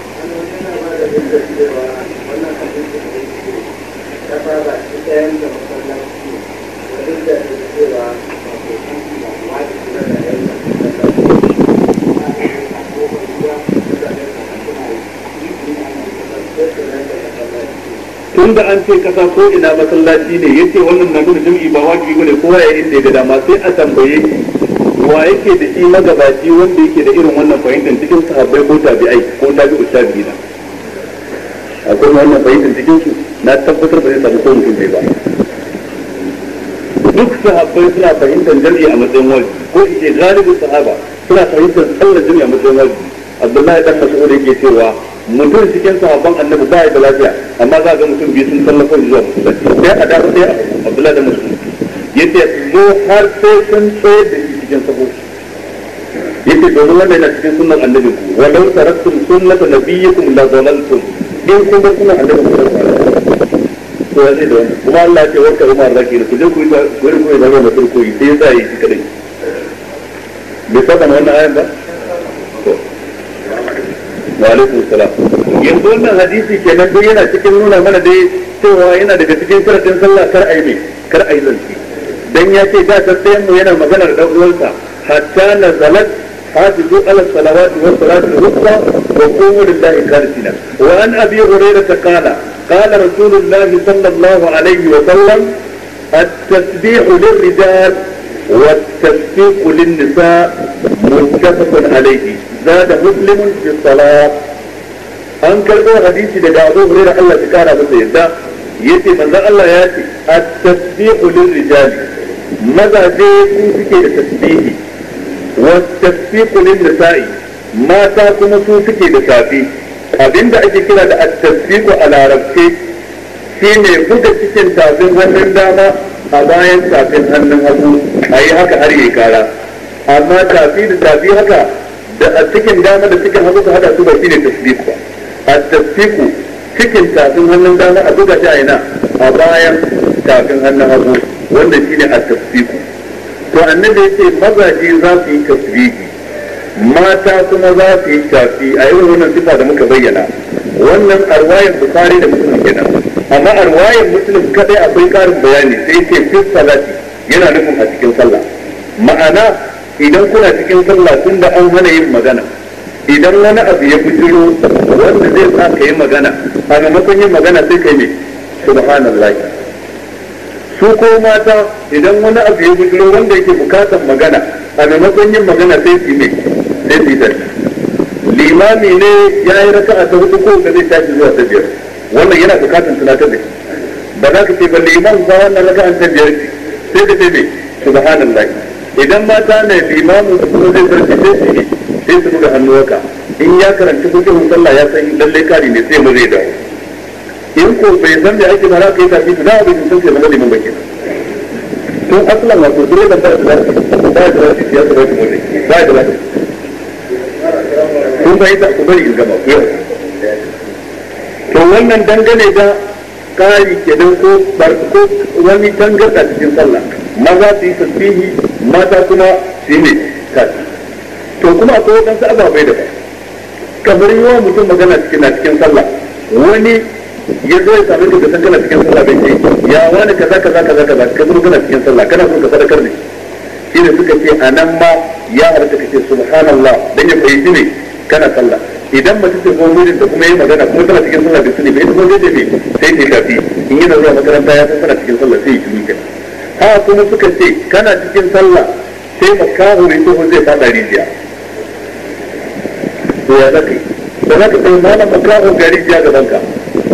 tun da an ce kasa ko ina masallaci ne yace wannan na nuna jami'i ba wajibi bane kowa ya inda ya dama sai a tambaye wa yake da shi magabaci wanda yake da irin wannan fahimtar cikin sahabbai ko tabi'ai ko tabi'u tabi'ina akwai wannan fahimtar cikin su na tabbatar ba zai samu ko mutum bai ba duk sahabbai suna fahimtar jami'i a matsayin wajibi ko ce galibin sahaba suna fahimtar sallar jami'i a matsayin wajibi abdullahi dan mas'ud yake cewa mutum cikin sahabban annabi ba ya da lafiya amma za a ga mutum biyu sun tallafa zuwa musulunci sai a dafa sai a abdullahi dan mas'ud yace mu har sai sun tsaye da shi cikin sahabbai yake domin wannan yana cikin sunan annabi ku walau taraktum sunnata nabiyyikum la dhalaltum in kun ga suna annabi to ya zai da wannan kuma Allah ce warka umar zaki da kuje ku yi gori ku zama da turko yi sai yasa yi kadai bai saba na wannan ayan ba to wa alaikum salam yanzu wannan hadisi kenan duk yana cikin nuna mana dai cewa yana daga cikin sharadin sallah kar a mai kar a yi dan ya ce da sai mu yana maganar dan uwansa hatta nazalat هذه ثلاث الصلوات والصلاة الوسطى وقوموا لله خالصين وعن أبي هريرة قال قال رسول الله صلى الله عليه وسلم التسبيح للرجال والتسبيح للنساء متفق عليه زاد مسلم في الصلاة أن كربوا حديث لدى أبو هريرة الله تكارا بسيدة يتي من الله يأتي التسبيح للرجال ماذا جيكم في تسبيحي mata kuma ما suke da لسافي abinda ake kira da at-tasfiqu a larabce shine buga cikin tafin hannun dama a bayan tafin hannun hagu a yi haka har yi kara amma tafi da tafi haka da a cikin dama da cikin hagu ka hada su shine tasfiqu ba at cikin tafin hannun dama a buga shi a ina a bayan tafin hannun hagu wanda shine at-tasfiqu to annabi yace mazaje za su yi tasbihi mata kuma za su yi tafi a yi wannan sifa da muka bayyana wannan arwayan bukari da muslim kenan amma arwayan muslim kadai akwai karin bayani sai yace fi salati yana nufin a cikin sallah ma'ana idan kuna cikin sallah tun da an hana yin magana idan wani abu ya bujiro wanda zai sa ka yi magana a maimakon yin magana sai ka yi mai subhanallah su ko mata idan wani abu ya bujiro wanda yake bukatan magana a maimakon yin magana sai su ne sai su da limami ne ya yi raka a tafi ko ka zai tashi zuwa ta biyar wannan yana bukatan tunatar da ba za ka ce ba liman ba wannan raka an ta biyar sai ka ce mai subhanallah idan mata ne limamin su kuma zai sarki sai su yi sai su buga hannu waka in ya karanta hukun sallah ya san lallai kari ne sai mu zai dawo in ko bai zan da ake mara kai ta to da abin sun ce magana mun bakin to aslan ma ko dole da ba da ba da ya ta mu ne ba da ba kun bai da ku bari gaba ku to wannan dangane da kari kenan ko bar ko wani tangarda cikin sallah maza su yi tasbihi mata kuma su yi ne to kuma akwai wadansu ababai da ba kamar yawan mutum magana cikin na cikin sallah wani ya zo ya same ka da san kana cikin sallah bai ce ya wani kaza kaza kaza kaza ka zo kana cikin sallah kana so ka sadakar ne shi ne suka ce a nan ma ya halatta ka ce subhanallah dan ya fahimci ne kana sallah idan mace ce ko mijin da kuma yi magana kuma tana cikin sallah bai sani ba ita kuma zai ne sai ta shafi in yana zuwa makaranta ya san tana cikin sallah sai ya shiru kenan ha kuma suka ce kana cikin sallah sai makahu ne ko zai fada rijiya to ya zaka ba za ka sai malam makahu ga rijiya gaban ka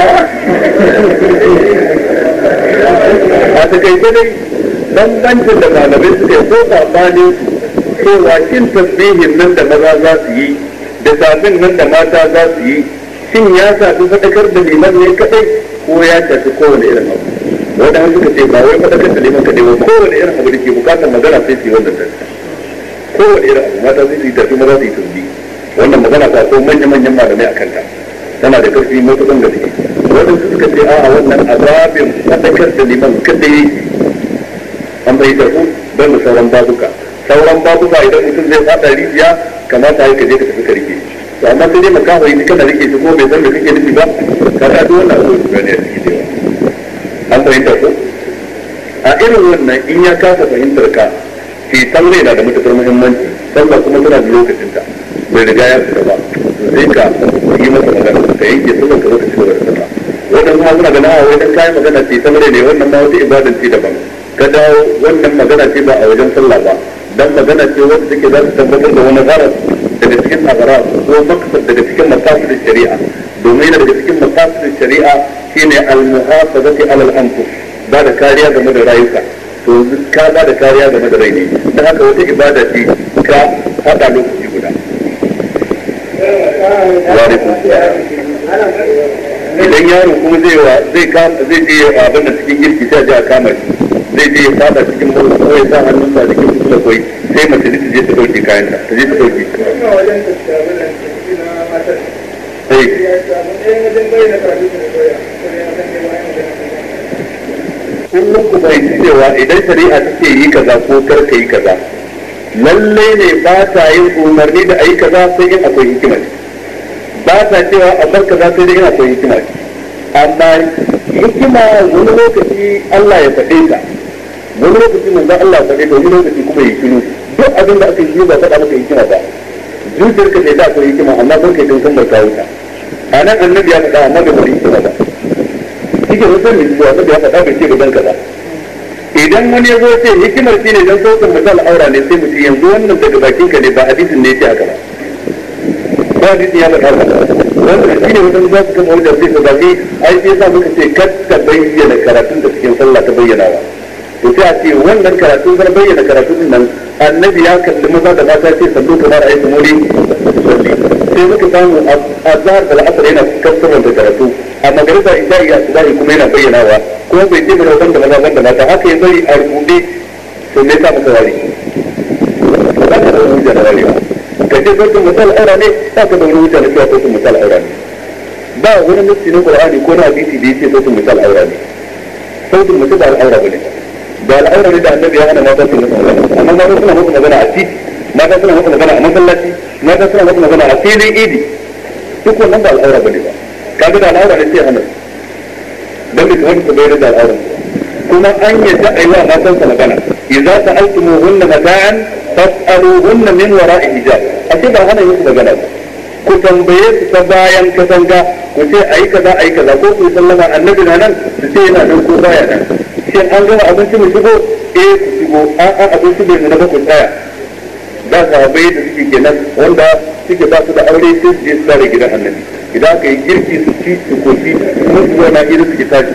a takaice dai bambancin da malamai suke so saɓani cewa shin tasbihin nan da maza za su yi da safin nan da mata za su yi shin ya shafi faɗakar da liman ne kadai ko ya shafi kowane irin abu wanda har suka ce ba wai faɗakar da liman kaɗai ba kowane irin abu da ke bukatar magana sai su yi wannan tasbihi kowane irin abu mata zai yi tafi maza su yi tasbihi wannan magana ta ko manya-manyan malamai a kanta tana da ƙarfi matuƙan gaske waɗansu suka ce a wannan azabin faɗakar da liman kada an bai don da sauran babuka sauran babuka idan mutum zai faɗa rijiya kamata ya kaje ka tafi ka rike to amma sai dai yi kana rike shi ko bai san da kake nufi ba ka ga duk wannan abu da ne a an a irin wannan in ya kasa fahimtar ka na da matukar muhimmanci sallah kuma tana da lokacinta bai riga ya fita ba sai ka yi masa magana ka yanke ka zo ka ci gaba da waɗansu ma suna ganin a wajen kayan magana ce ta ne wannan ma wata ibadan ce daban ka dawo wannan magana ce ba a wajen sallah ba dan magana ce wanda take za ta tabbatar da wani gharar daga cikin nagara ko maksad daga cikin mafasidin shari'a domin yana daga cikin mafasidin shari'a shine al-muhafazati alal anfus ba da kariya game da rayuka to ka ba da kariya game da rai ne don haka wata ibada ce ka hada lokaci guda. idan yaro kuma zai wa zai ka zai je abin da cikin girki sai ji a kamar zai je ya fada cikin mota ko ya sa hannun sa cikin kula koi sai mace ta je ta dauke kayan ta ta je ta dauke eh. kullum ku bai cewa idan shari'a ta ce yi kaza ko kar ka yi kaza lallai ne ba ta yin umarni da ayi kaza sai yin akwai hikimar ba ta cewa a barka za sai dai yana koyi ce amma hikima wani lokaci Allah ya faɗe ta wani lokaci manzo Allah ya faɗe ta wani lokaci kuma ya shiru duk abin da aka yi ba ta maka hikima ba ka ne da yi hikima amma sun kai tun kamar kawo ta a nan annabi ya faɗa amma bai faɗi hikima ba cikin wasan mai zuwa annabi ya faɗa bai ce ba zan ba idan wani ya zo ce hikimar shi ne don sautin mutal aura ne sai mu ci yanzu wannan daga bakinka ne ba hadisin ne ya ce haka ba hadisi ya faɗa ba wanda shi ne wajen za su kama wajen sai ka zafi ai sai sa muka ce kar ka bayyana karatun da cikin sallah ta bayyana ba to sai a ce wannan karatun zan bayyana karatun nan annabi ya kalli maza da mata ce sallu kamar ayi tumuri salli sai muka samu a zahar da la'asar yana kasarar da karatu a magariba isha'i a tsibari kuma yana bayyanawa kuma bai ce mana da maza wanda mata haka ya bari a rubuɗe to me yasa muka ware ba ka da wani jana warewa ce sautin misal aura ne za ka zaune wuce na cewa sautin misal aura ne ba wani nufi na qur'ani ko na hadisi da misal aura ne misal ba al'aura ba ne da annabi ya hana mata su musu amma ma suna musu magana a titi mata suna magana a masallaci mata suna musu magana a filin idi duk wannan ba al'aura bane ba kaga da al'aura ne sai hana dan bai kamata su bayar da al'aura kuma an yadda a yi wa matansa magana idza sa'altumuhunna mata'an fas'aluhunna min wara'i hijab ashe ba hana yin magana ku tambaye su ta bayan katanga ku ce ayi kaza ayi kaza ko ku sallama annabi na nan su ce yana nan ko baya nan shin an gama abinci mu shigo eh ku shigo a'a abinci bai na ba ku tsaya ba bai da suke kenan wanda suke ba su da aure sai su je su tare gidan annabi idan aka yi girki su ci su koshi mun su na idan suke tashi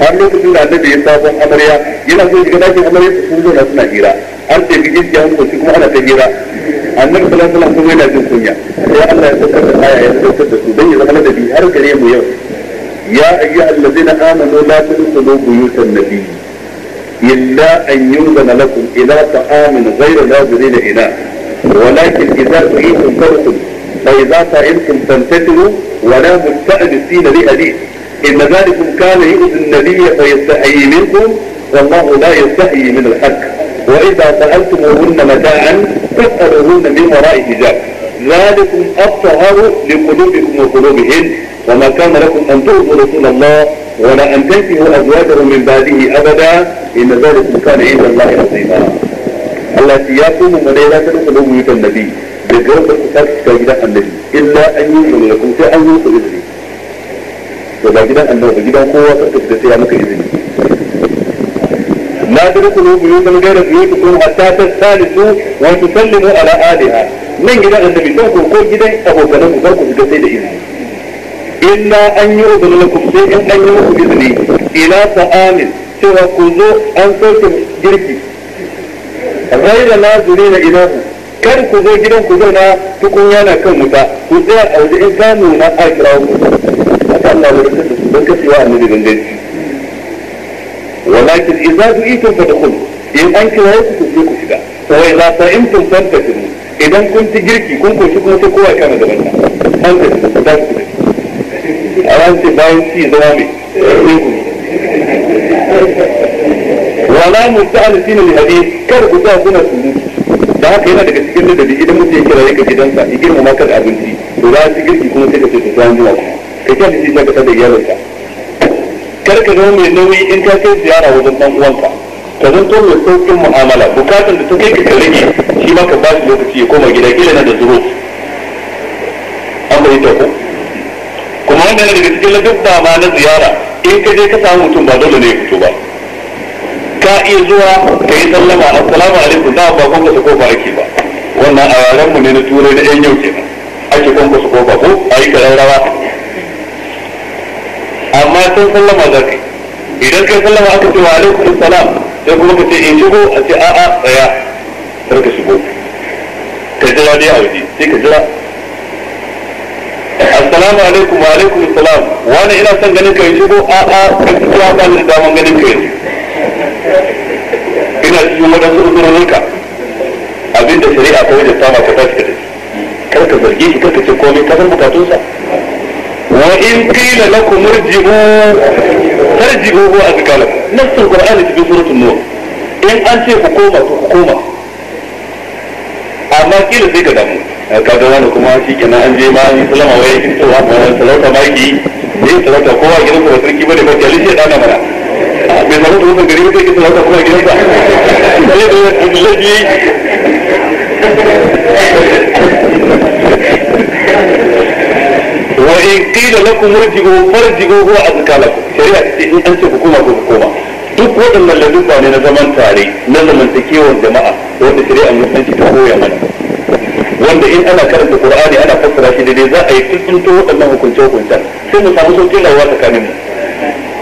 har lokacin da annabi ya sabon amarya yana so shiga dakin amarya su sun zauna suna hira an ce bi gaskiya wani kwanci kuma ana ta hira annabi sallallahu alaihi wasallam kuma yana jin kunya sai Allah ya saukar da aya ya saukar da su dan ya zama ladabi har gare mu yau ya ayyuha allazina amanu la tadkhulu buyutan nabiy illa an yuzana lakum ila ta'amin ghayra nazirina ila ولكن إذا دعيتم فادخلوا فإذا طعمتم فانتشروا ولا مستأنسين لحديث إن ذلكم كان يؤذي النبي فيستحيي منكم والله لا يستحيي من الحق وإذا سألتموهن متاعا فاسألوهن من وراء حجاب ذلكم أطهر لقلوبكم وقلوبهن وما كان لكم أن تؤذوا رسول الله ولا أن تنكحوا أزواجه من بعده أبدا إن ذلكم كان عند الله عظيما التي يقوم مليلة قلوب النبي بجرد كتاب كتاب النبي إلا أن يؤمن لكم فأن يؤذن to gidan annabi ba gidan kowa ka tafi da sai ya maka izini la tadkhulu buyutan ghayra kuma hatta tastanisu wa tusallimu ala ahliha nan gidan annabi don ko ko gidan abokanan ku ku fita sai da izini inna an yi udhulu lakum sai in an yi muku izini ila ta'amin cewa ku zo an sauke girki ghayra nazirina ilahu kar ku zo gidan ku zauna tukunya na kan wuta ku tsaya a waje in ka nuna a kirawo haka Allah ne don kasewa annabi ganganci walakin idza du'itum fadkhulu in an kira ku sai ku shiga wa san sa'imtum fantashiru idan kun ci girki kun koshi kuma sai kowa kana gaban ka fantashiru da ku a ran ce bayan ci zama mai sai ku wala musta'alifina li hadith kar ku ta suna surutu da haka yana daga cikin ladabi idan mutum ya kira ya ga gidansa ya girmama kan abinci to za su girki kuma sai ka ce ta zuwa ku ka kyan da shi na kasa da iyalinka kar ka zama mai nauyi in ka kai ziyara wajen dan uwanka ka zan zanto mai sauƙin mu'amala bukatan da ta kai ka rage shi ma ka ba shi lokaci ya koma gida gida na da zuro an bai ta ko kuma wanda yana daga cikin ladabba ma na ziyara in ka je ka samu mutum ba dole ne ya fito ba ka iya zuwa ka yi sallama assalamu alaikum da ba ka su kofa ake ba wannan a yaren mu ne na turai na yan yau kenan ake kwanka su ba ko a yi rawa. sun sallama za ka idan kai sallama aka ce wa alaikun salam sai kuma ka ce in eh, shigo a ce a'a tsaya kar ka shigo ka jira dai a waje sai ka jira assalamu alaikum wa alaikum salam wani ina son ganin ka in shigo a'a ka jira ba ni daman ganin ka yanzu ina cikin wadansu uzurorin ka abinda shari'a ta wajen sama ka tashi ka tafi kar ka zarge shi kar ka ce komai ka san bukatunsa وإن قيل لكم ارجعوا فارجعوا هو أزكى لكم نفس القرآن في سورة النور إن أنت حكومة حكومة amma kila sai ka damu ka ga wani kuma shi kenan ma yi salama wai yake to wa ma salauta ma ki ne kowa gidan sa sarki bane ba ke lishe dana mana bai samu to wannan gari ba ke salauta kowa gidan sa sai da in qila lakum irji'u farji'u huwa azka lakum shari'a ce in an ce ku duk waɗannan lalluba ne na zaman tare na zamantakewar jama'a wanda shari'a musulunci ta koya mana wanda in ana karanta qur'ani ana fassara shi daidai za a yi tuntunto waɗannan hukunce hukuncen sai mu samu sauƙin rayuwa tsakanin mu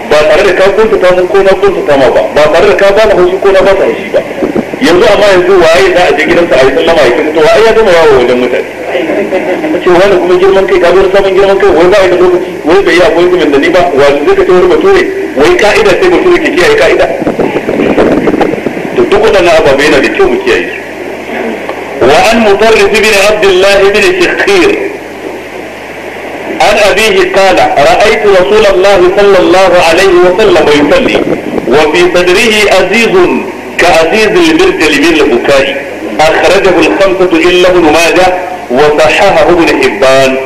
ba tare da ka kuntata mun ko na kuntata ma ba ba tare da ka bani haushi ko na ba ta haushi ba yanzu amma yanzu waye za a je gidansa a yi sallama ya fitowa ai ya gama yawo wajen mutane ce wani kuma girman kai gagar samun girman kai wai ba ya da lokaci wai bai yi appointment da ni ba wani zai ka ce wani bature wai ka'ida sai bature ke kiyaye ka'ida to duk waɗannan ababe yana da kyau mu kiyaye su wa an mutarrif ibn abdullah ibn shikhir عن أبيه قال رأيت رسول الله صلى الله عليه وسلم يصلي وفي صدره أزيز كأزيز البرد لمن البكاء أخرجه الخمسة إلا ابن ماجه وصححه ابن حبان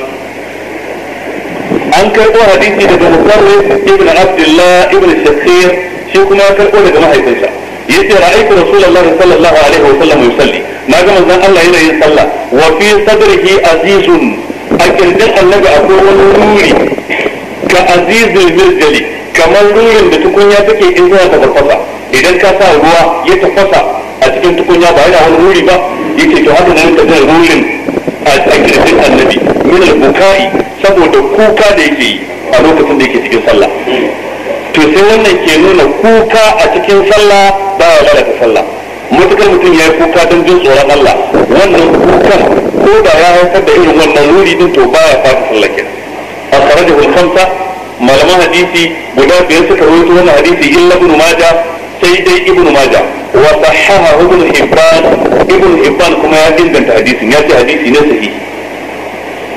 an karɓo hadisi daga musarrif ibn abdullah ibn shakhir shi kuma ya karɓo daga mahaifinsa yace ra'aytu rasulullah sallallahu alaihi wa sallam yusalli na ga manzon Allah yana yin sallah wa fi sadrihi azizun a kirjin annabi akwai wani ruri ka azizul mirjali kamar rurin da tukunya take in zuwa ta tafasa idan ka sa ruwa ya tafasa a cikin tukunya ba yana wani ruri ba yake to haka mun rurin a kirjin annabi min al-bukai saboda kuka da yake yi a lokacin da yake cikin sallah to sai wannan ke nuna kuka a cikin sallah ba ya lalata sallah matukar mutum ya yi kuka don jin tsoron Allah wannan kukan ko da ya haifar da irin wannan wuri din to ba ya fata sallah ke a tsare da hulkamsa malaman hadisi guda biyar suka rawaito wannan hadisi illa ibnu maja sai dai ibnu maja wa sahaha ibn hibban kuma ya inganta hadisin ya ce hadisi ne sahihi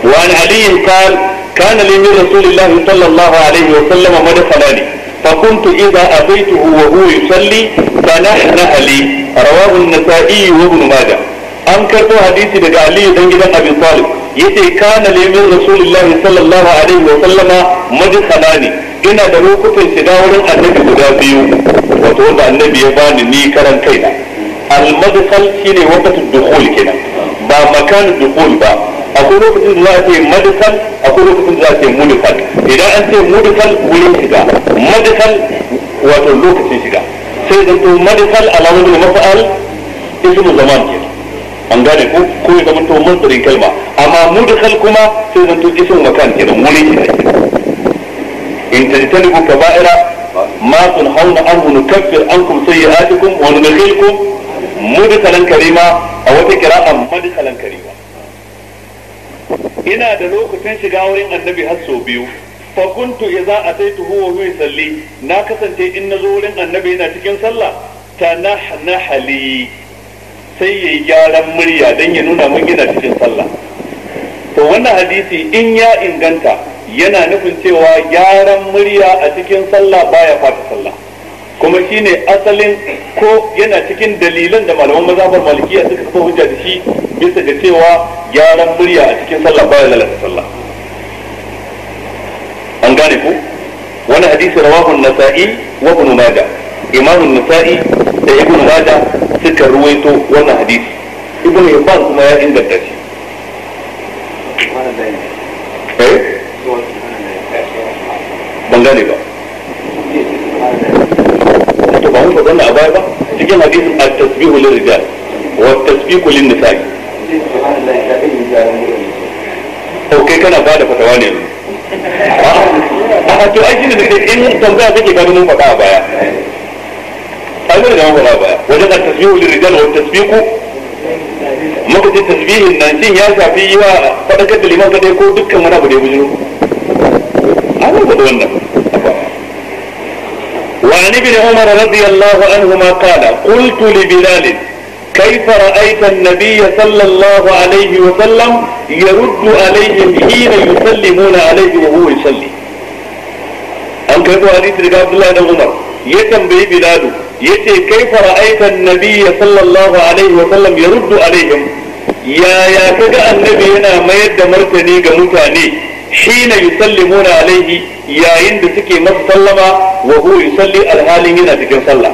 wa an ali qal kana li min rasulillahi sallallahu alaihi فكنت إذا أتيته وهو يصلي فنحنح لي رواه النسائي وابن ماجه أنكرت حديثي لك علي دنجل أبي طالب yace kana li min da sallallahu alaihi wa sallama madkhalani ina da lokutan shiga wurin annabi guda biyu wato wanda annabi ya bani ni karan kaina al-madkhal shine waqtul dukhul kenan ba makan dukhul ba akwai lokacin da za a ce madkhal akwai lokacin da za a ce mudkhal idan an ce mudkhal wurin shiga madkhal wato lokacin shiga sai da to madkhal alamun mafa'al ismu zaman kenan an gane ko ko ya zama to masdarin kalma amma mudkhal kuma sai zanto ismu makan kenan wurin shiga in tajtanibu kaba'ira ما تنهون عنه نكفر عنكم سيئاتكم وندخلكم مدخلا كريما أو تكراء مدخلا Karima. ina da lokacin shiga wurin annabi har sau biyu fa kuntu idza ataituhu wa huwa salli, na kasance in nazo wurin annabi yana cikin sallah tanahali sai yayi gyaran murya dan ya nuna min yana cikin sallah to wannan hadisi in ya inganta yana nufin cewa gyaran murya a cikin sallah baya fata sallah kuma shine asalin ko yana cikin dalilan da malaman mazhabar malikiya suka kafa hujja da shi bisa ga cewa gyaran murya a cikin sallah baya lalata sallah an gane ku wani hadisi rawahu nasa'i wa ibn majah imamu nasa'i da ibn majah suka ruwaito wannan hadisi ibn hibban kuma ya inganta shi ban gane ba to ba mun faɗa a baya ba cikin hadisin at-tasbihu lirrijal wa at-tasbihu lin-nisa'i to kai kana ba fatawa ne a to ai shine da in tambaya kake ka mun faɗa a baya ai mun da mun faɗa a baya wajen at-tasbihu lirrijal wa at-tasbihu muka ji tasbihin nan shin ya shafi yi wa faɗakar da liman kadai ko dukkan wani abu da ya an yi faɗi wannan وعن ابن عمر رضي الله عنهما قال قلت لبلال كيف رأيت النبي صلى الله عليه وسلم يرد عليهم حين يسلمون عليه وهو salli. an karɓo hadisi daga Abdullahi dan Umar ya tambayi Bilalu ya ce kai fara'aita annabiyya sallallahu alaihi wa sallam ya ruddu alaihim yaya kaga annabi yana mayar da martani ga mutane shine yusallimuna alaihi yayin da suke masa sallama wa huwa yusalli alhalin yana cikin sallah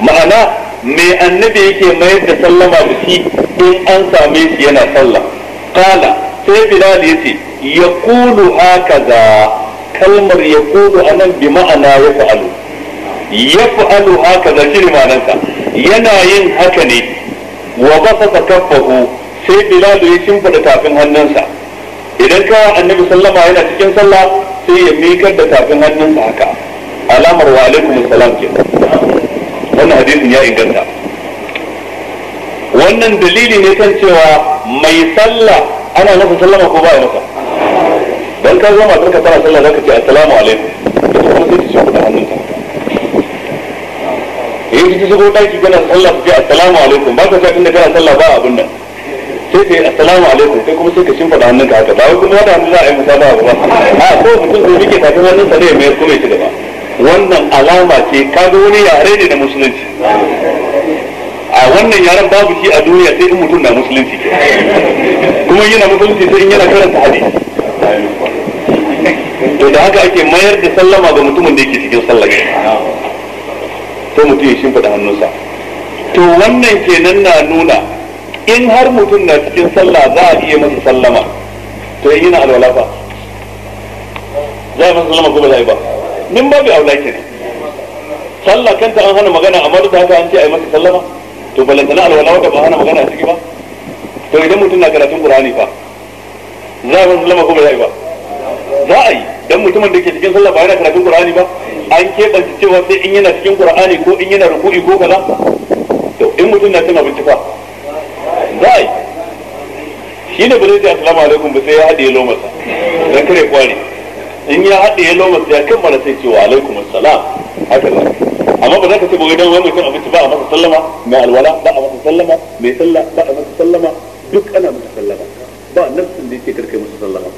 ma'ana mai annabi yake mayar da sallama da shi in an same shi yana sallah kala sai bilal yace yaqulu hakaza kalmar yaqulu anan bi ma'ana yaf'alu yaf'alu hakaza shine ma'anarsa yana yin haka ne wa basata kaffahu sai bilal ya shimfida tafin hannunsa idan ka annabi sallama yana cikin sallah sai ya mikar da tafin hannunsa haka alamar wa alaikum salam ke wannan hadisin ya inganta wannan dalili ne kan cewa mai sallah ana nufin sallama ko ba ya masa dan ka zama ka tana sallah zaka ce assalamu alaikum da kuma sai ta shigo da hannunka in ki shigo daki kana sallah ki assalamu alaikum ba ka ga inda kana sallah ba abun nan sai ka yi assalamu alaikum sai kuma sai ka shimfiɗa hannun ka haka ba wai kuma wata hannu za a yi misali ba a ko mutum sai rike tafin hannun sa ne mai kuma ya ci gaba wannan alama ce ka ga wani yare ne na musulunci a wannan yaren babu shi a duniya sai in mutum na musulunci kuma yana musulunci sai in yana karanta hadisi to da haka ake mayar da sallama ga mutumin da yake cikin sallar sai mutum ya shimfiɗa hannunsa to wannan kenan na nuna in har mutum na cikin sallah za a iya masa sallama to yi na alwala ba za a masa sallama ko ba za a yi ba min babu aula kenan sallah kanta an hana magana amma duk haka an ce a yi masa sallama to balantana alwala wata ba hana magana a ciki ba to idan mutum na karatun qur'ani fa za a masa sallama ko ba za a yi ba za a yi dan mutumin da ke cikin sallah ba yana karatun qur'ani ba an keɓance cewa sai in yana cikin qur'ani ko in yana ruku'i ko kaza to in mutum na cin abinci fa za yi shi ne ba zai ce assalamu alaikum ba sai ya haɗe lomasa don kare kware in ya haɗe lomasa ya mara sai cewa wa alaikum assalam haka ne amma ba za ka ce ba idan wani mutum abinci ba a masa sallama mai alwala ba a masa sallama mai sallah ba a masa sallama duk ana masa sallama ba nafsin da yake karkai masa sallama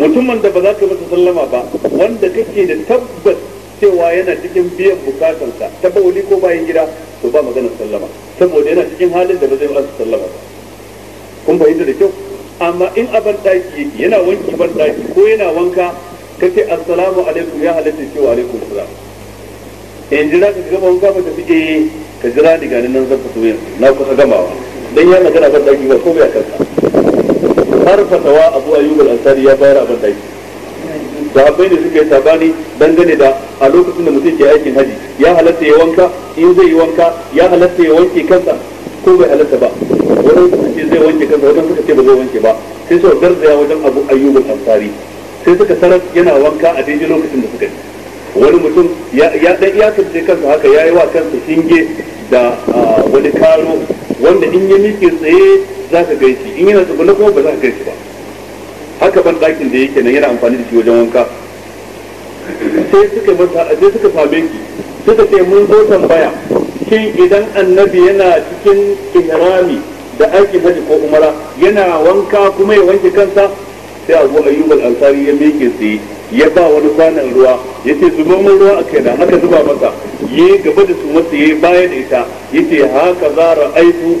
mutumin da ba za ka masa sallama ba wanda kake da tabbas cewa yana cikin biyan bukatarsa ta bauli ko bayan gida to ba maganar sallama saboda yana cikin halin da ba zai rasa sallama ba kun fahimta da kyau amma in a ban daki yana wanki ban daki ko yana wanka kace assalamu alaikum ya halatta cewa alaikum salam in eh, jira ka gama wanka ba tafi eh ka jira ni ganin nan zan fito yanzu na kusa gamawa dan ya magana ban daki ba ko bai karsa har fatawa abu ayyub al-ansari ya bayar a ban daki sahabbai ne suka yi sabani dangane da a lokacin da mutum ke aikin haji ya halatta ya wanka in zai yi wanka ya halatta ya wanke kansa ko bai halatta ba wani suka ce zai wanke kansa wani suka ce ba zai wanke ba sai suka garzaya wajen abu ayyubin ansari sai suka sarar yana wanka a daidai lokacin da suka yi wani mutum ya dan iyakance kansa haka ya yi wa kansa shinge da wani karo wanda in ya miƙe tsaye za ka gaishe in yana tsuguna kuma ba za ka gaishe ba haka ban dakin da yake nan yana amfani da shi wajen wanka sai suka masa sai suka same ki suka ce mun zo tambaya kin idan annabi yana cikin ihrami da aikin haji ko umara yana wanka kuma ya wanke kansa sai abu ayyub al-ansari ya meke tsaye ya ba wani kwanan ruwa ya ce zuba mun ruwa a kaina haka zuba masa ya gaba da su masa ya baya da ita ya ce haka zara ra'aitu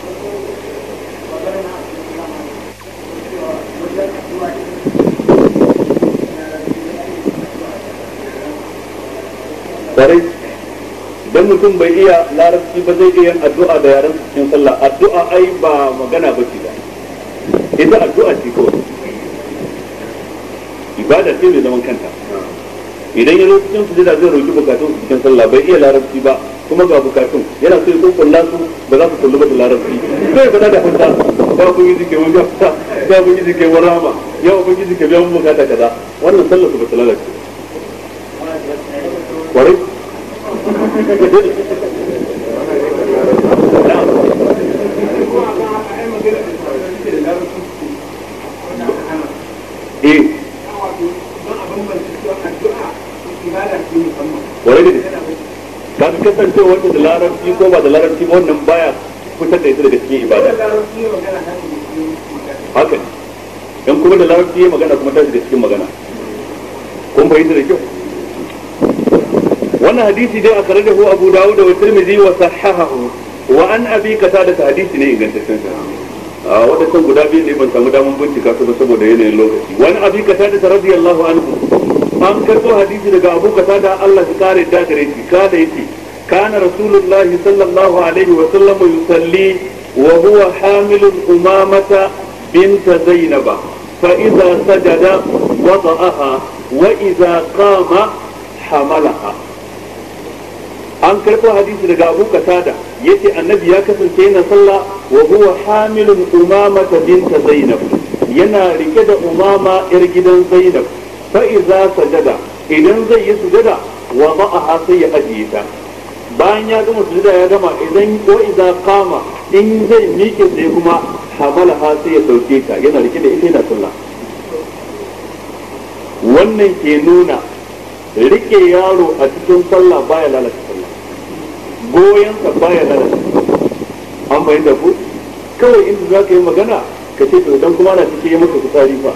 kwarai idan mutum bai iya larabci ba zai iya addu'a da yaran cikin sallah addu'a ai ba magana ba ce ba ita addu'a ce kawai ibada ce mai zaman kanta idan ya cikin sujada zai roƙi bukatun cikin sallah bai iya larabci ba kuma ga bukatun yana so ya kokulla su ba za su kullu ba da larabci zai fada da hausa ya yi ke wani ya yi ke wani rama ya yi ke biyan bukata kaza wannan sallah su ba su lalace kwarai eh kwarai da ta su kasance wanda da larabci ko ba da larabci ba wannan baya fitar da ita daga cikin ibada haka ne dan kuma da larabci magana kuma ta da cikin magana kun fahimta da kyau wannan hadisi dai a kare da hu abu dawud da tirmidhi wa sahahahu wa an abi qatada ta hadisi ne ingantaccen sa a ah, wadannan guda biyu ne ban samu daman bincika su ba saboda yanayin lokaci wani abi qatada ta radiyallahu anhu an karbo hadisi daga abu da Allah ya kare da gare shi kada yace kana rasulullahi sallallahu alaihi wa sallam yusalli wa huwa hamilul umamata bint zainaba فإذا سجد وضعها وإذا قام حملها an karɓo hadisi daga abu katada ce annabi ya kasance yana sallah wa huwa hamilun umama ta binta zainab yana rike da umama yar gidan zainab fa'iza iza sajada idan zai yi sujada wa ba'aha sai ya ajiye ta bayan ya gama sujada ya gama idan ko iza kama in zai miƙe sai kuma hamalaha sai ya sauke ta yana rike da ita yana sallah wannan ke nuna rike yaro a cikin sallah baya lalata goyonsa baya lalata an da ku kawai inda za ka yi magana ka ce to dan kuma na cike yi maka fitsari fa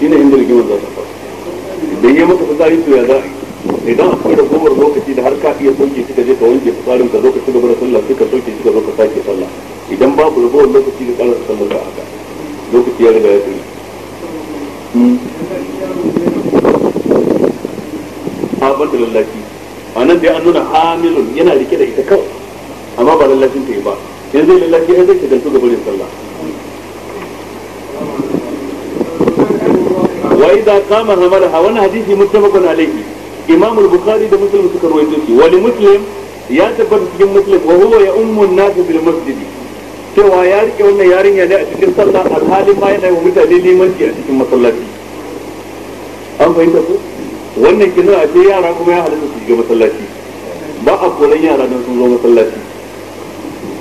shi ne inda rigimar za ta fa da yi maka fitsari to ya za idan da gobar lokaci da har ka iya soke shi ka je ka wanke fitsarin ka zo ka cigaba da sallah sai ka soke shi ka zo ka sake sallah idan babu ragowar lokaci da ƙarar sallah ka haka lokaci ya riga ya tsiri hmm. a ban da lallaci a nan dai an nuna hamilun yana rike da ita kawai amma ba lallacin ta yi ba yanzu zai lallaci ai zai shagaltu ga burin sallah wa idza qama hamalaha wannan hadisi muttafaqun alayhi imam al-bukhari da muslim suka rawaito shi wani muslim ya tabbata cikin muslim wa huwa ya ummu an-nas bil masjid cewa ya rike wannan yarinya ne a cikin sallah alhalin ma yana yi wa mutane limanci a cikin masallaci an fahimta ko wannan kina a ce yara kuma ya halatta su shiga masallaci ba a koran yara don sun zo masallaci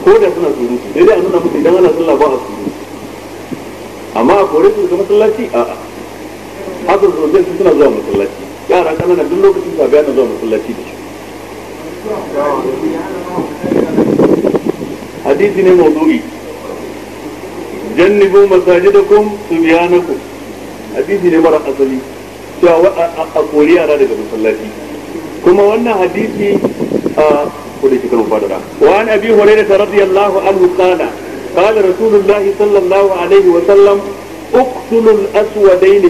ko da suna surutu sai dai a nuna musu idan ana sallah ba a surutu amma a kore su shiga masallaci a a haka su zai suna zuwa masallaci yara kanana duk lokacin safiya na zuwa masallaci da shi hadisi ne mawdu'i jannibu masajidakum subyanakum hadisi ne mara asali cewa a kori yara daga masallaci kuma wannan hadisi a kudi shi karin fadada wa an abi hurairah radiyallahu anhu qala qala rasulullahi sallallahu alaihi wa sallam wannan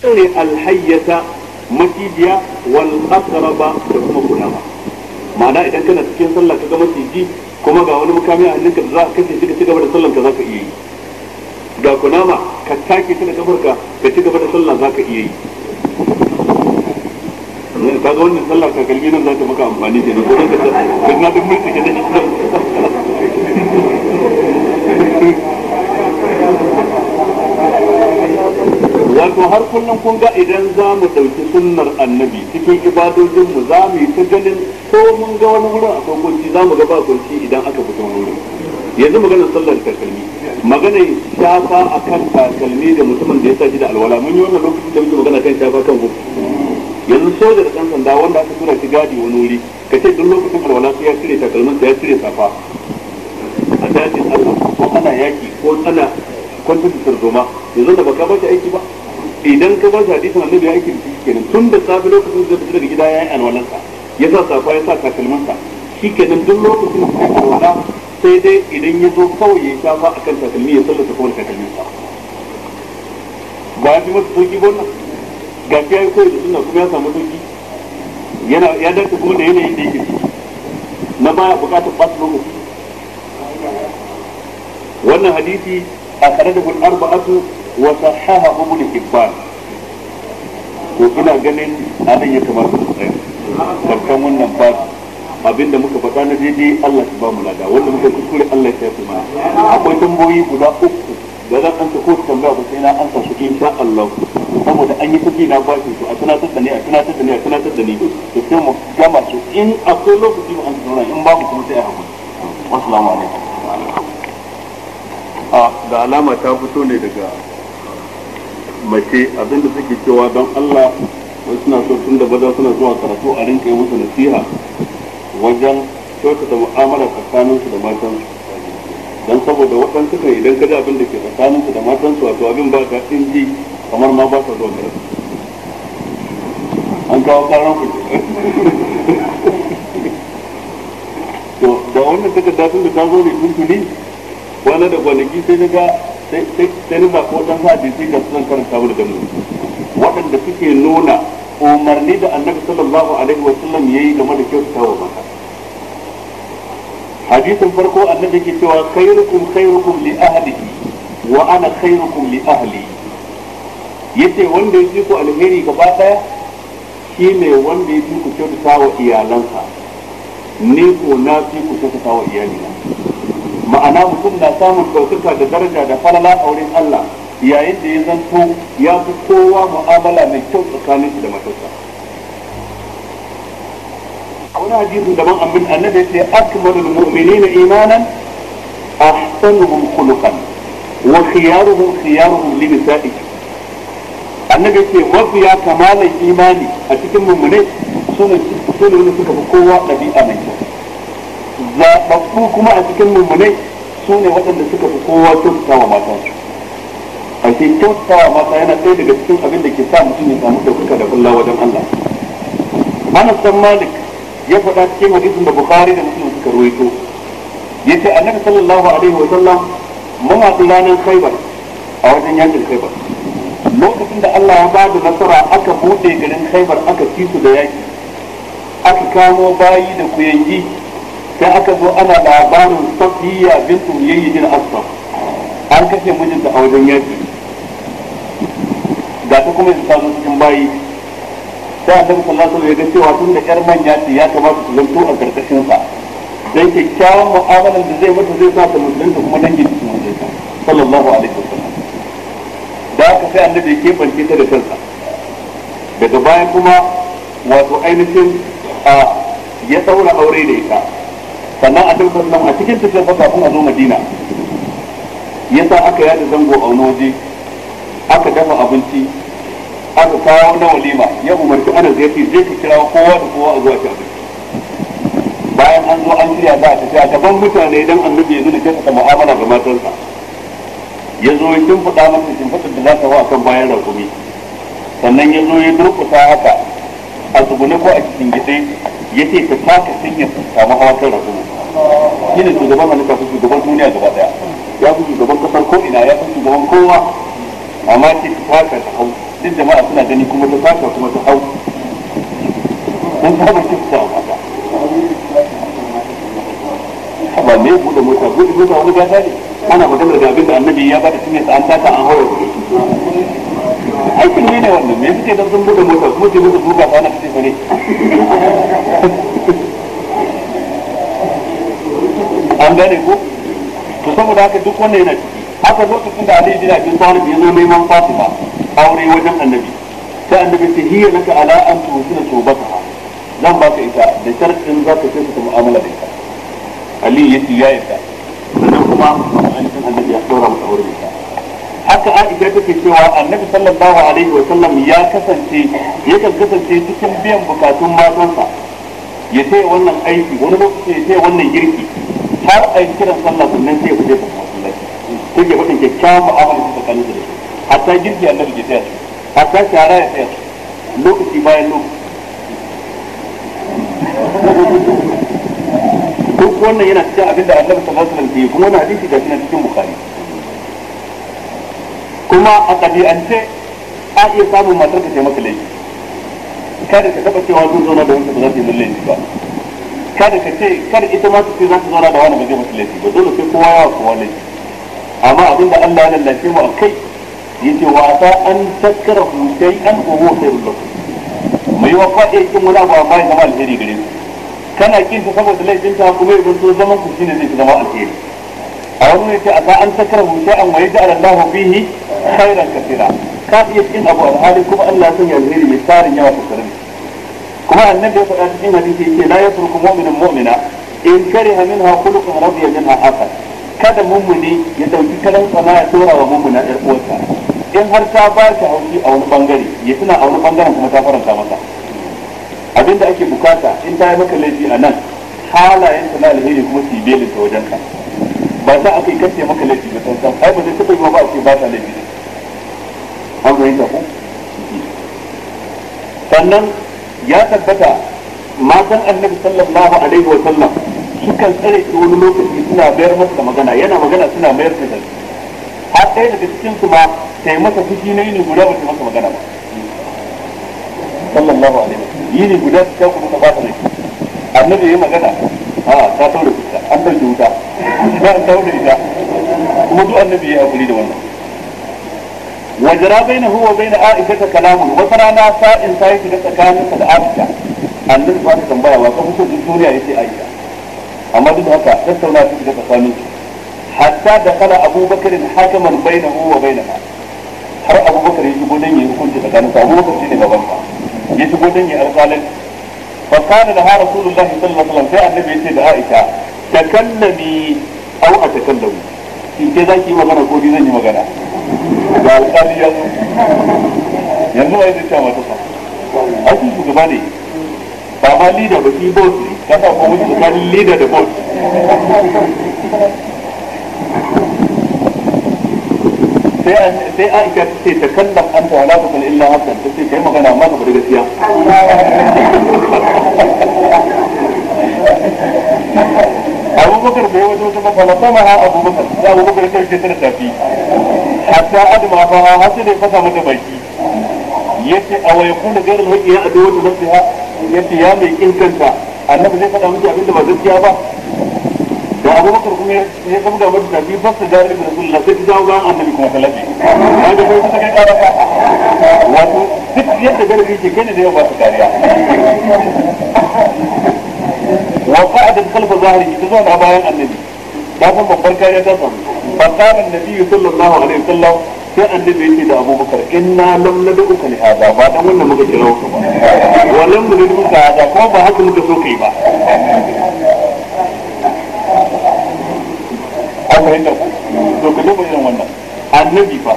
ne alhayyata macijiya wal aqraba da kuma kunama ma'ana idan kana cikin sallah ka ga maciji kuma ga wani mukami a hannunka da za ka kashe shi ka ci gaba da sallan ka za ka iya yi ga kunama ka take shi da kafarka ka ci gaba da sallah za ka iya yi ka ga wannan sallah ka kalbi nan za ta maka amfani kenan ko ka ga na duk mulki ke da shi wato har kullum kun ga idan za mu ɗauki sunnar annabi cikin ibadojinmu za mu yi ta ganin ko mun ga wani wurin akwai kunci za mu ga ba kunci idan aka fito wurin yanzu maganar sallar takalmi maganar shafa a kan takalmi da mutumin da ya sa shi da alwala mun yi wannan lokacin da muke magana kan shafa kan hukun yanzu soja da ɗan sanda wanda aka tura shi gadi wani wuri ka ce duk lokacin alwala sai ya cire takalmin sai ya cire safa a dajin allah ko ana yaki ko ana kwantar da tarzoma yanzu da baka ba aiki ba idan ka ba shi hadisin annabi ya yi da shi kenan tun da safi lokacin da fitar gida ya yi alwalansa ya sa safa ya sa takalmansa shi kenan duk lokacin da ya alwala sai dai idan ya zo kawai ya shafa akan takalmi ya sallata kawai takalminsa ba ya fi masa sauki ba wannan ga shi ya yi da suna kuma ya samu sauki yana ya dace kuma da yanayin da yake na baya bukatar su lokaci wannan hadisi a tare da arba'atu wa sahahahu ibn hibban to ina ganin anan ya kamar mu tsaya farkon wannan babu abinda muka faɗa na daidai Allah ya ba mu lada wanda muka kuskure Allah ya yafi mana akwai tamboyi guda uku da zan ansa ko tambaya ba sai na ansa su sha Allah saboda an yi kuɗi na ba su a tunatar da ni a tunatar da ni a tunatar da ni to sai mu gama su in akwai lokaci mu an zauna in ba mu kuma sai a hakuri assalamu alaikum a da alama ta fito ne daga mace abinda suke cewa don Allah wasu suna so tun da baza suna zuwa karatu a rinka yi musu nasiha wajen kyautata mu'amala tsakaninsu da matansu don saboda waɗansu kan idan ka ji abin da ke tsakaninsu da matansu wato abin ba ka in ji kamar ma ba ka zuwa karatu an kawo karan ku to da wannan da tun da ta zo ne tuntuni kwana da kwanaki sai ne ga sai sai ko dan waɗansu hadisi da sunan karanta mu da mu waɗanda suke nuna umarni da annabi sallallahu alaihi wa sallam yayi game da wa mata hadisin farko annabi yake cewa khairukum khairukum li ahlihi wa ana khairukum li ahli yace wanda ya ku alheri gaba daya shine wanda ya ji ku kyautatawa iyalansa ni ko na fi ku wa iyalina ma'ana mutum na samun ɗaukaka da daraja da falala a wurin Allah yayin da ya zanto ya fi kowa mu'amala mai kyau tsakanin shi da matarsa a wani hadisi daban amin annabi yace akmalul mu'minina imanan ahsanuhum khuluqan wa khiyaruhum khiyaruhum li nisa'ihim annabi yace mafiya kamalan imani a cikin mummune sune da suka fi kowa ɗabi'a mai kyau zaɓaɓɓu kuma a cikin mummunai su ne waɗanda suka fi kowa kyautata wa mata ashe kyautata wa mata yana ɗaya daga cikin abin da ke sa mutum ya samu ɗaukaka da kulla wajen Allah Anas san Malik ya faɗa cikin hadisin da Bukhari da Muslim suka ruwaito yace Annabi sallallahu alaihi wa sallam muna ranar Khaibar a wajen yankin Khaibar lokacin da Allah ya ba da nasara aka buɗe garin Khaibar aka ci su da yaki aka kamo bayi da kuyangi sai aka zo ana labarin safiya bintu yayyidin asfar an kashe mijinta a wajen yaki ga ta kuma ta samu cikin bayi sai annabi sallallahu alaihi wasallam ya ga cewa tun da yar manya ce ya kamata su zanto a karkashin sa dan kyakkyawan mu'amalar da zai mata zai sa ta musulunta kuma dangin su musulunta sallallahu alaihi wasallam da aka sai annabi ya kebance ta da kansa daga baya kuma wato ainihin a ya saura aure da ita sannan a tilkar nan a cikin tafiyar fa kafin a zo madina yasa aka yada zango a wani waje aka dafa abinci aka kawo na walima ya umarci ana zai ce zai kira kowa da kowa a zuwa ci abinci bayan an zo an shirya za a tafi a gaban mutane dan annabi ya nuna kyautata mu'amala ga matansa ya zo ya faɗa masa shimfiɗar da za ta wa a kan bayan rakumi sannan ya zo ya durƙusa haka a tsugune ko a cikin gitse ya ce ta taka sun ya samu hawa kan rasu shi ne shugaban halitta su shugaban duniya gaba daya ya fi shugaban kasar ko ina ya fi shugaban kowa amma ce ta taka ta hau duk jama'a suna gani kuma ta taka kuma ta hau don sabon ce ta mata ba me buɗe mota buɗe mota wani gata ne ana magana da abin da annabi ya ba da sun yasa an taka an hawa da aikin ne ne wannan me suke da sun buga mota kuma sai musu duka na an gane ko to saboda haka duk wannan yana ciki haka lokacin da Ali bin Abi Talib ya zo neman Fatima aure wajen Annabi sai Annabi ce hiya laka ala an zan baka ita da sharɗin za ka ce ta mu'amala da ita Ali ya ce ya yarda sannan kuma Annabi ya tsora aure da ita haka a ita take cewa Annabi sallallahu alaihi wa sallam ya kasance yakan kasance cikin biyan bukatun matansa ya taya wannan aiki wani lokaci ya taya wannan girki har a kiran sallah sannan sai ya fita da masallaci sai ya faɗin kyakkyawan mu'amala ta tsakanin da shi hatta girki Annabi ya taya su hatta shara ya taya su lokaci bayan lokaci duk wannan yana cikin abin da Annabi sallallahu alaihi wa sallam ya yi kuma wannan hadisi ga shi cikin bukari kuma a ƙabi'ance a iya samun matar ka ce maka laifi kada ka taɓa cewa zuwa zauna da wani ba za ta yi laifi ba kada ka ce kada ita ma ta ce za ta zauna da wani ba mata laifi ba dole sai kowa ya kowa laifi amma abinda Allah ya lallace mu a kai ce wa ta an takkara hu sai an huwa khairul lakum mai wa fa yake wani abu amma ya zama alheri gare ku kana kin ta saboda laifin ta kuma ya zanto zaman ku shine zai zama alheri a wani ne ce asa an sakara hu an waye da Allah fihi khairan katira ka iya cikin abu alhali kuma Allah sun yi alheri mai tarin yawa ta sarari kuma annabi ya faɗa cikin hadisi yake la yasruku mu'minun mu'mina in kariha minha khuluqan radiya minha akhar kada mummuni ya dauki karan sana ya tura wa mummuna ɗan uwarsa in har ta ba ta hauki a wani bangare ya tuna a wani bangaren kuma ta faranta masa abinda ake bukata in ta yi maka laifi a nan halayen ta na alheri kuma su yi belin ta wajen ka ba za a kai kace maka laifi ba san san ai ba zai taba yi ba a ce ba ta laifi ne an ga yanka ku sannan ya tabbata matan annabi sallallahu alaihi wa sallam sukan tsare shi wani lokaci suna bayar masa da magana yana magana suna mayar da shi har ɗaya daga cikin su ma sai masa fushi na yini guda ba ta masa magana ba sallallahu alaihi wa sallam yini guda ta ku ba ta laifi annabi ya magana ha ta taura fuska an ɗauki wuta ba an taura ita kuma duk annabi ya hakuri da wannan wajara na huwa bai baina aisha ta kalamun wata rana sa'in ta yi shiga tsakanin tsakaninsa da aisha annabi ba ta tambaya ba wa kafin so duniya yace aisha amma duk haka tattauna ta shiga tsakaninsu hatta da kala abubakar hakaman bainahu wa bainaha har abubakar ya shigo dan yi hukunci tsakaninsa abubakar shine gaban sa ya shigo dan yi alƙalanci فقال da رسول الله صلى الله عليه وسلم جاء النبي سيد عائشة تكلمي أو أتكلم in ke za ki yi ko zan yi magana a yi zai cewa da bot sai aisha ta ce ta kallon an ta wala ta illa hasan ta ce kai magana amma ka bari gaskiya abubakar bai wajen wata mafala sama ha abubakar ya abubakar ta ce tana tafi hatta adama fa har sai fasa mata baki yace a waya kuna gairar haƙi ya ado wata nasiha yace ya mai kinkanta annabi zai faɗa miki abinda ba gaskiya ba da abubakar kuma ya kafa da wata tafi ba su jari da rasulullah sai ta jawo bayan annabi kuma talabi ba da kai kusa kai kara wato duk yadda garbi ke kai ne da yau ba su kariya wa qa'adat qalba zahiri ta da bayan annabi ta san babbar kariya ta samu fa qala annabi sallallahu alaihi wasallam sai annabi yake da abubakar inna lam nad'uka li hada ba dan wannan muka kira ka ba wa lam nad'uka hada ko ba haka muka so kai ba an fahimta ku to ka duba irin wannan annabi fa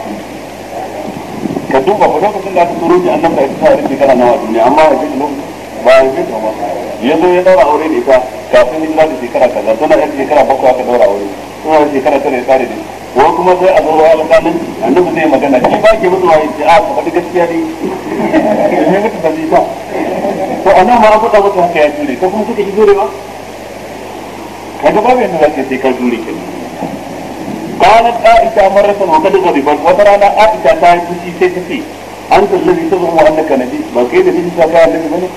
ka duba ba lokacin da aka turo shi annabi da ta rinke kana nawa duniya amma a cikin lokacin ba a cikin ba ya aure da ita kafin da kaza aka aure ko kuma sai a annabi zai magana ba ke mutuwa ya ce a ka faɗi gaskiya ne ne to a ma ya jure ko kuma ji kaga babu yadda za ka sai ka jure kenan قالت عائشة مرة وقد غضبت وترانا عائشة تاي فشي سي تفي أنت الذي تظن أنك نبي ما كيد في تجي كان النبي بني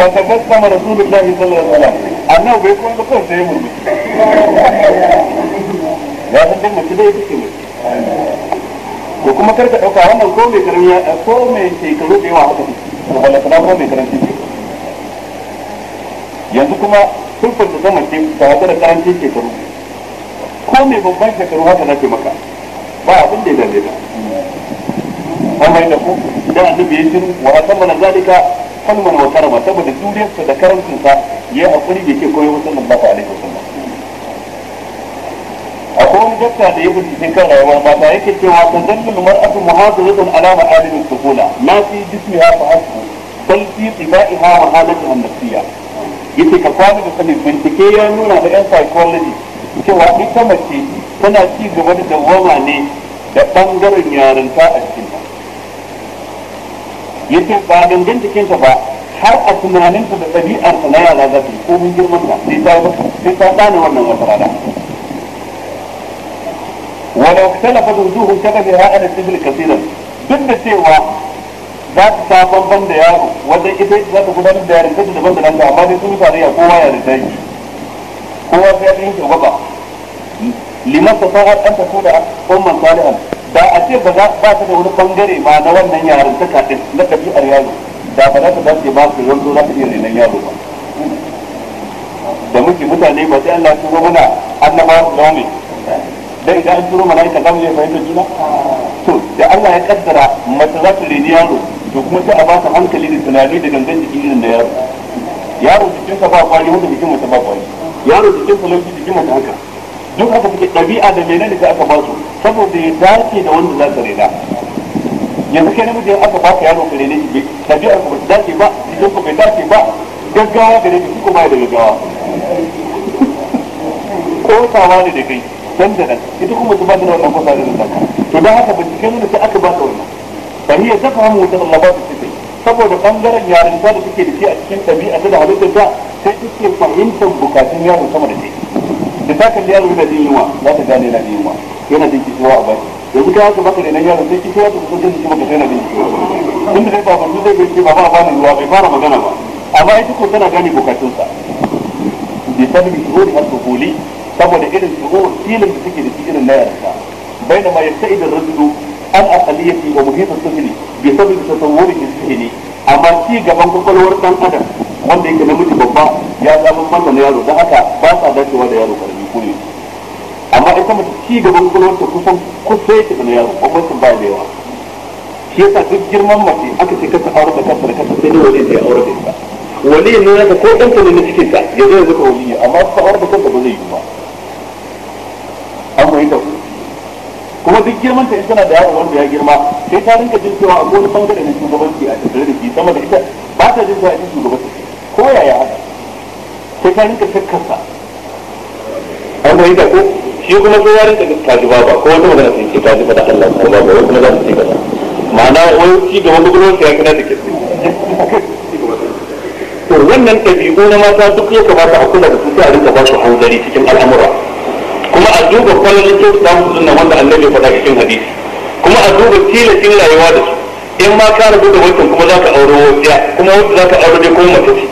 فتبسم رسول الله صلى الله عليه وسلم أنه بيكون بكون سيمر ya يا dai mace dai take mace ko kuma karka dauka wannan ko mai karami ko mai shekaru da yawa haka ko balaka ko mai karanci yanzu kuma sulfur da sama ce ta wata da karancin shekaru ko mai babban shekaru haka na maka ba abin da ya zane ta amma ku idan annabi ya shiru wa asamma na zalika kalman wa karama saboda juriyarsa da karancinsa ya yi hakuri da ke koyo sallallahu alaihi wasallam akwai wani dakta da ya cikin kan rayuwar mata yake cewa ta zallin mar'atu muhaziratun ala ma'adin sukuna na fi jismiha fa hasbu bal fi tibaiha ha halatiha an yace ka kwana da sanin bincike ya nuna da yan psychology cewa ita mace tana ci gaba da dawama ne da bangaren yarinta a cikinta yace ba dangan jikinta ba har a tunaninta da ɗabi'arta na yara za ta yi komin girman ta sai ta sai ta tsana wannan wata rana ولو اختلفت وجوه شبهها على السجن كثيرا duk da cewa za ta ta banban da yaro wajen ita za ta gudanar da yarin kasu daban da nan amma dai sun tare ya kowa ya rinta yi kowa sai ya shi gaba liman ta sa har an ta da umman salihan da a ce ba ba ta da wani bangare ma na wannan yarin ta kaɗe na ɗabi'ar yaro da ba za ta ce ba su yanzu za ta iya renon yaro ba da muke mutane ba sai Allah ya turo mana su da wani da idan an turo mala'ika za mu iya fahimtar juna to da Allah ya kaddara mace za ta yaro to kuma sai a ba su hankali da tunani da gangan jiki irin da yaro yaro jikinsa ba kwari wanda jikin mace ba kwari yaro jikinsa lauki jikin mace haka duk haka kuke ɗabi'a da menene da aka ba su saboda ya dace da wanda za ka rena yanzu kai namiji aka ba ka yaro ka rene shi ɗabi'ar ku ba ta dace ba jikin ku bai dace ba gaggawa gare ki kuma ya da gaggawa kosawa ne da kai dan da nan ita kuma ta ba da wannan kosa da nan to dan haka binciken da sai aka ba ka wannan فهي تفهم مضاد الفكر saboda bangaren ta da suke da shi a cikin ɗabi'a da halittar ta sai take fahimtar bukatun yaro sama da shi da ta kalli yaro yana jin yunwa za ta gane yana jin yunwa yana jin kishiwa a baki yanzu kai haka baka renon yaro sai kishiwa ta kusa jin baka sai yana jin tun da dai ba bandu zai bai ba ba bani ruwa bai fara magana ba amma ita ko tana gane bukatunsa bi sabbin shuhuri saboda irin shuhur filin da take da shi irin na yarinta bainama yasta'id ar-rajulu al-aqliyati wa muhit al-sufli bi sabab tatawwur al-sufli amma ci gaban kwakwalwar dan adam wanda yake namiji babba ya zama masa na yaro da haka ba sa dacewa da yaro karami ko ne amma ita mace ci gaban kwakwalwar ta kusan kusa yake da yaro babban sun ba da yawa shi yasa duk girman mace aka ce kasa aure da kasa da kasa sai dai wani ya aure da ita wani ne ya ko ɗan ta ne na cikin ta ya zai ya wani amma kasa aure da kasa ba zai yi ba an fahimta kuma duk girman ta in tana da yaro wanda ya girma sai ta rinka jin cewa akwai wani bangare na shugabanci a tattare da shi sama da ita ba ta jin cewa ita shugabanci ko ya yaya haka sai ta rinka shakkar sa an bai ita ko shi kuma sai ya rinka ta ji ba ko wata magana sai ce ta ji da Allah ko ba wai kuma za ta ce kaza ma'ana wai shi da wani gurbin ya kana da kitse to wannan ɗabi'u na mata duk ya kamata a kula da su sai a rinka ba su hanzari cikin al'amura duba kwallon kyautata musu sunna wanda annabi ya faɗa cikin hadisi kuma a duba tilatin rayuwa da su in ma ka rabu da wancan kuma za ka aure wasiya kuma wata za ka aure dai kuma mace ce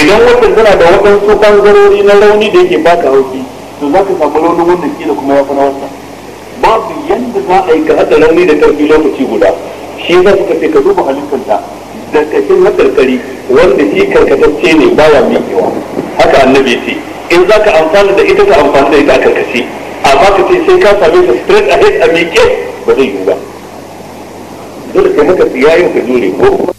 idan wancan tana da waɗansu ɓangarori na rauni da yake baka hauki to za ka samu raunin wannan kila kuma ya fara wata babu yanda za a yi ka haɗa rauni da ƙarfi lokaci guda shi za su ce ka duba halittanta da kashin na karkari wanda shi karkatacce ne baya miƙewa haka annabi ce in za ka amfana da ita ka amfani da ita a karkace a ka ce sai ka same ta straight ahead a miƙe ba zai yiwu ba dole kai maka tsiyayen ka jure ko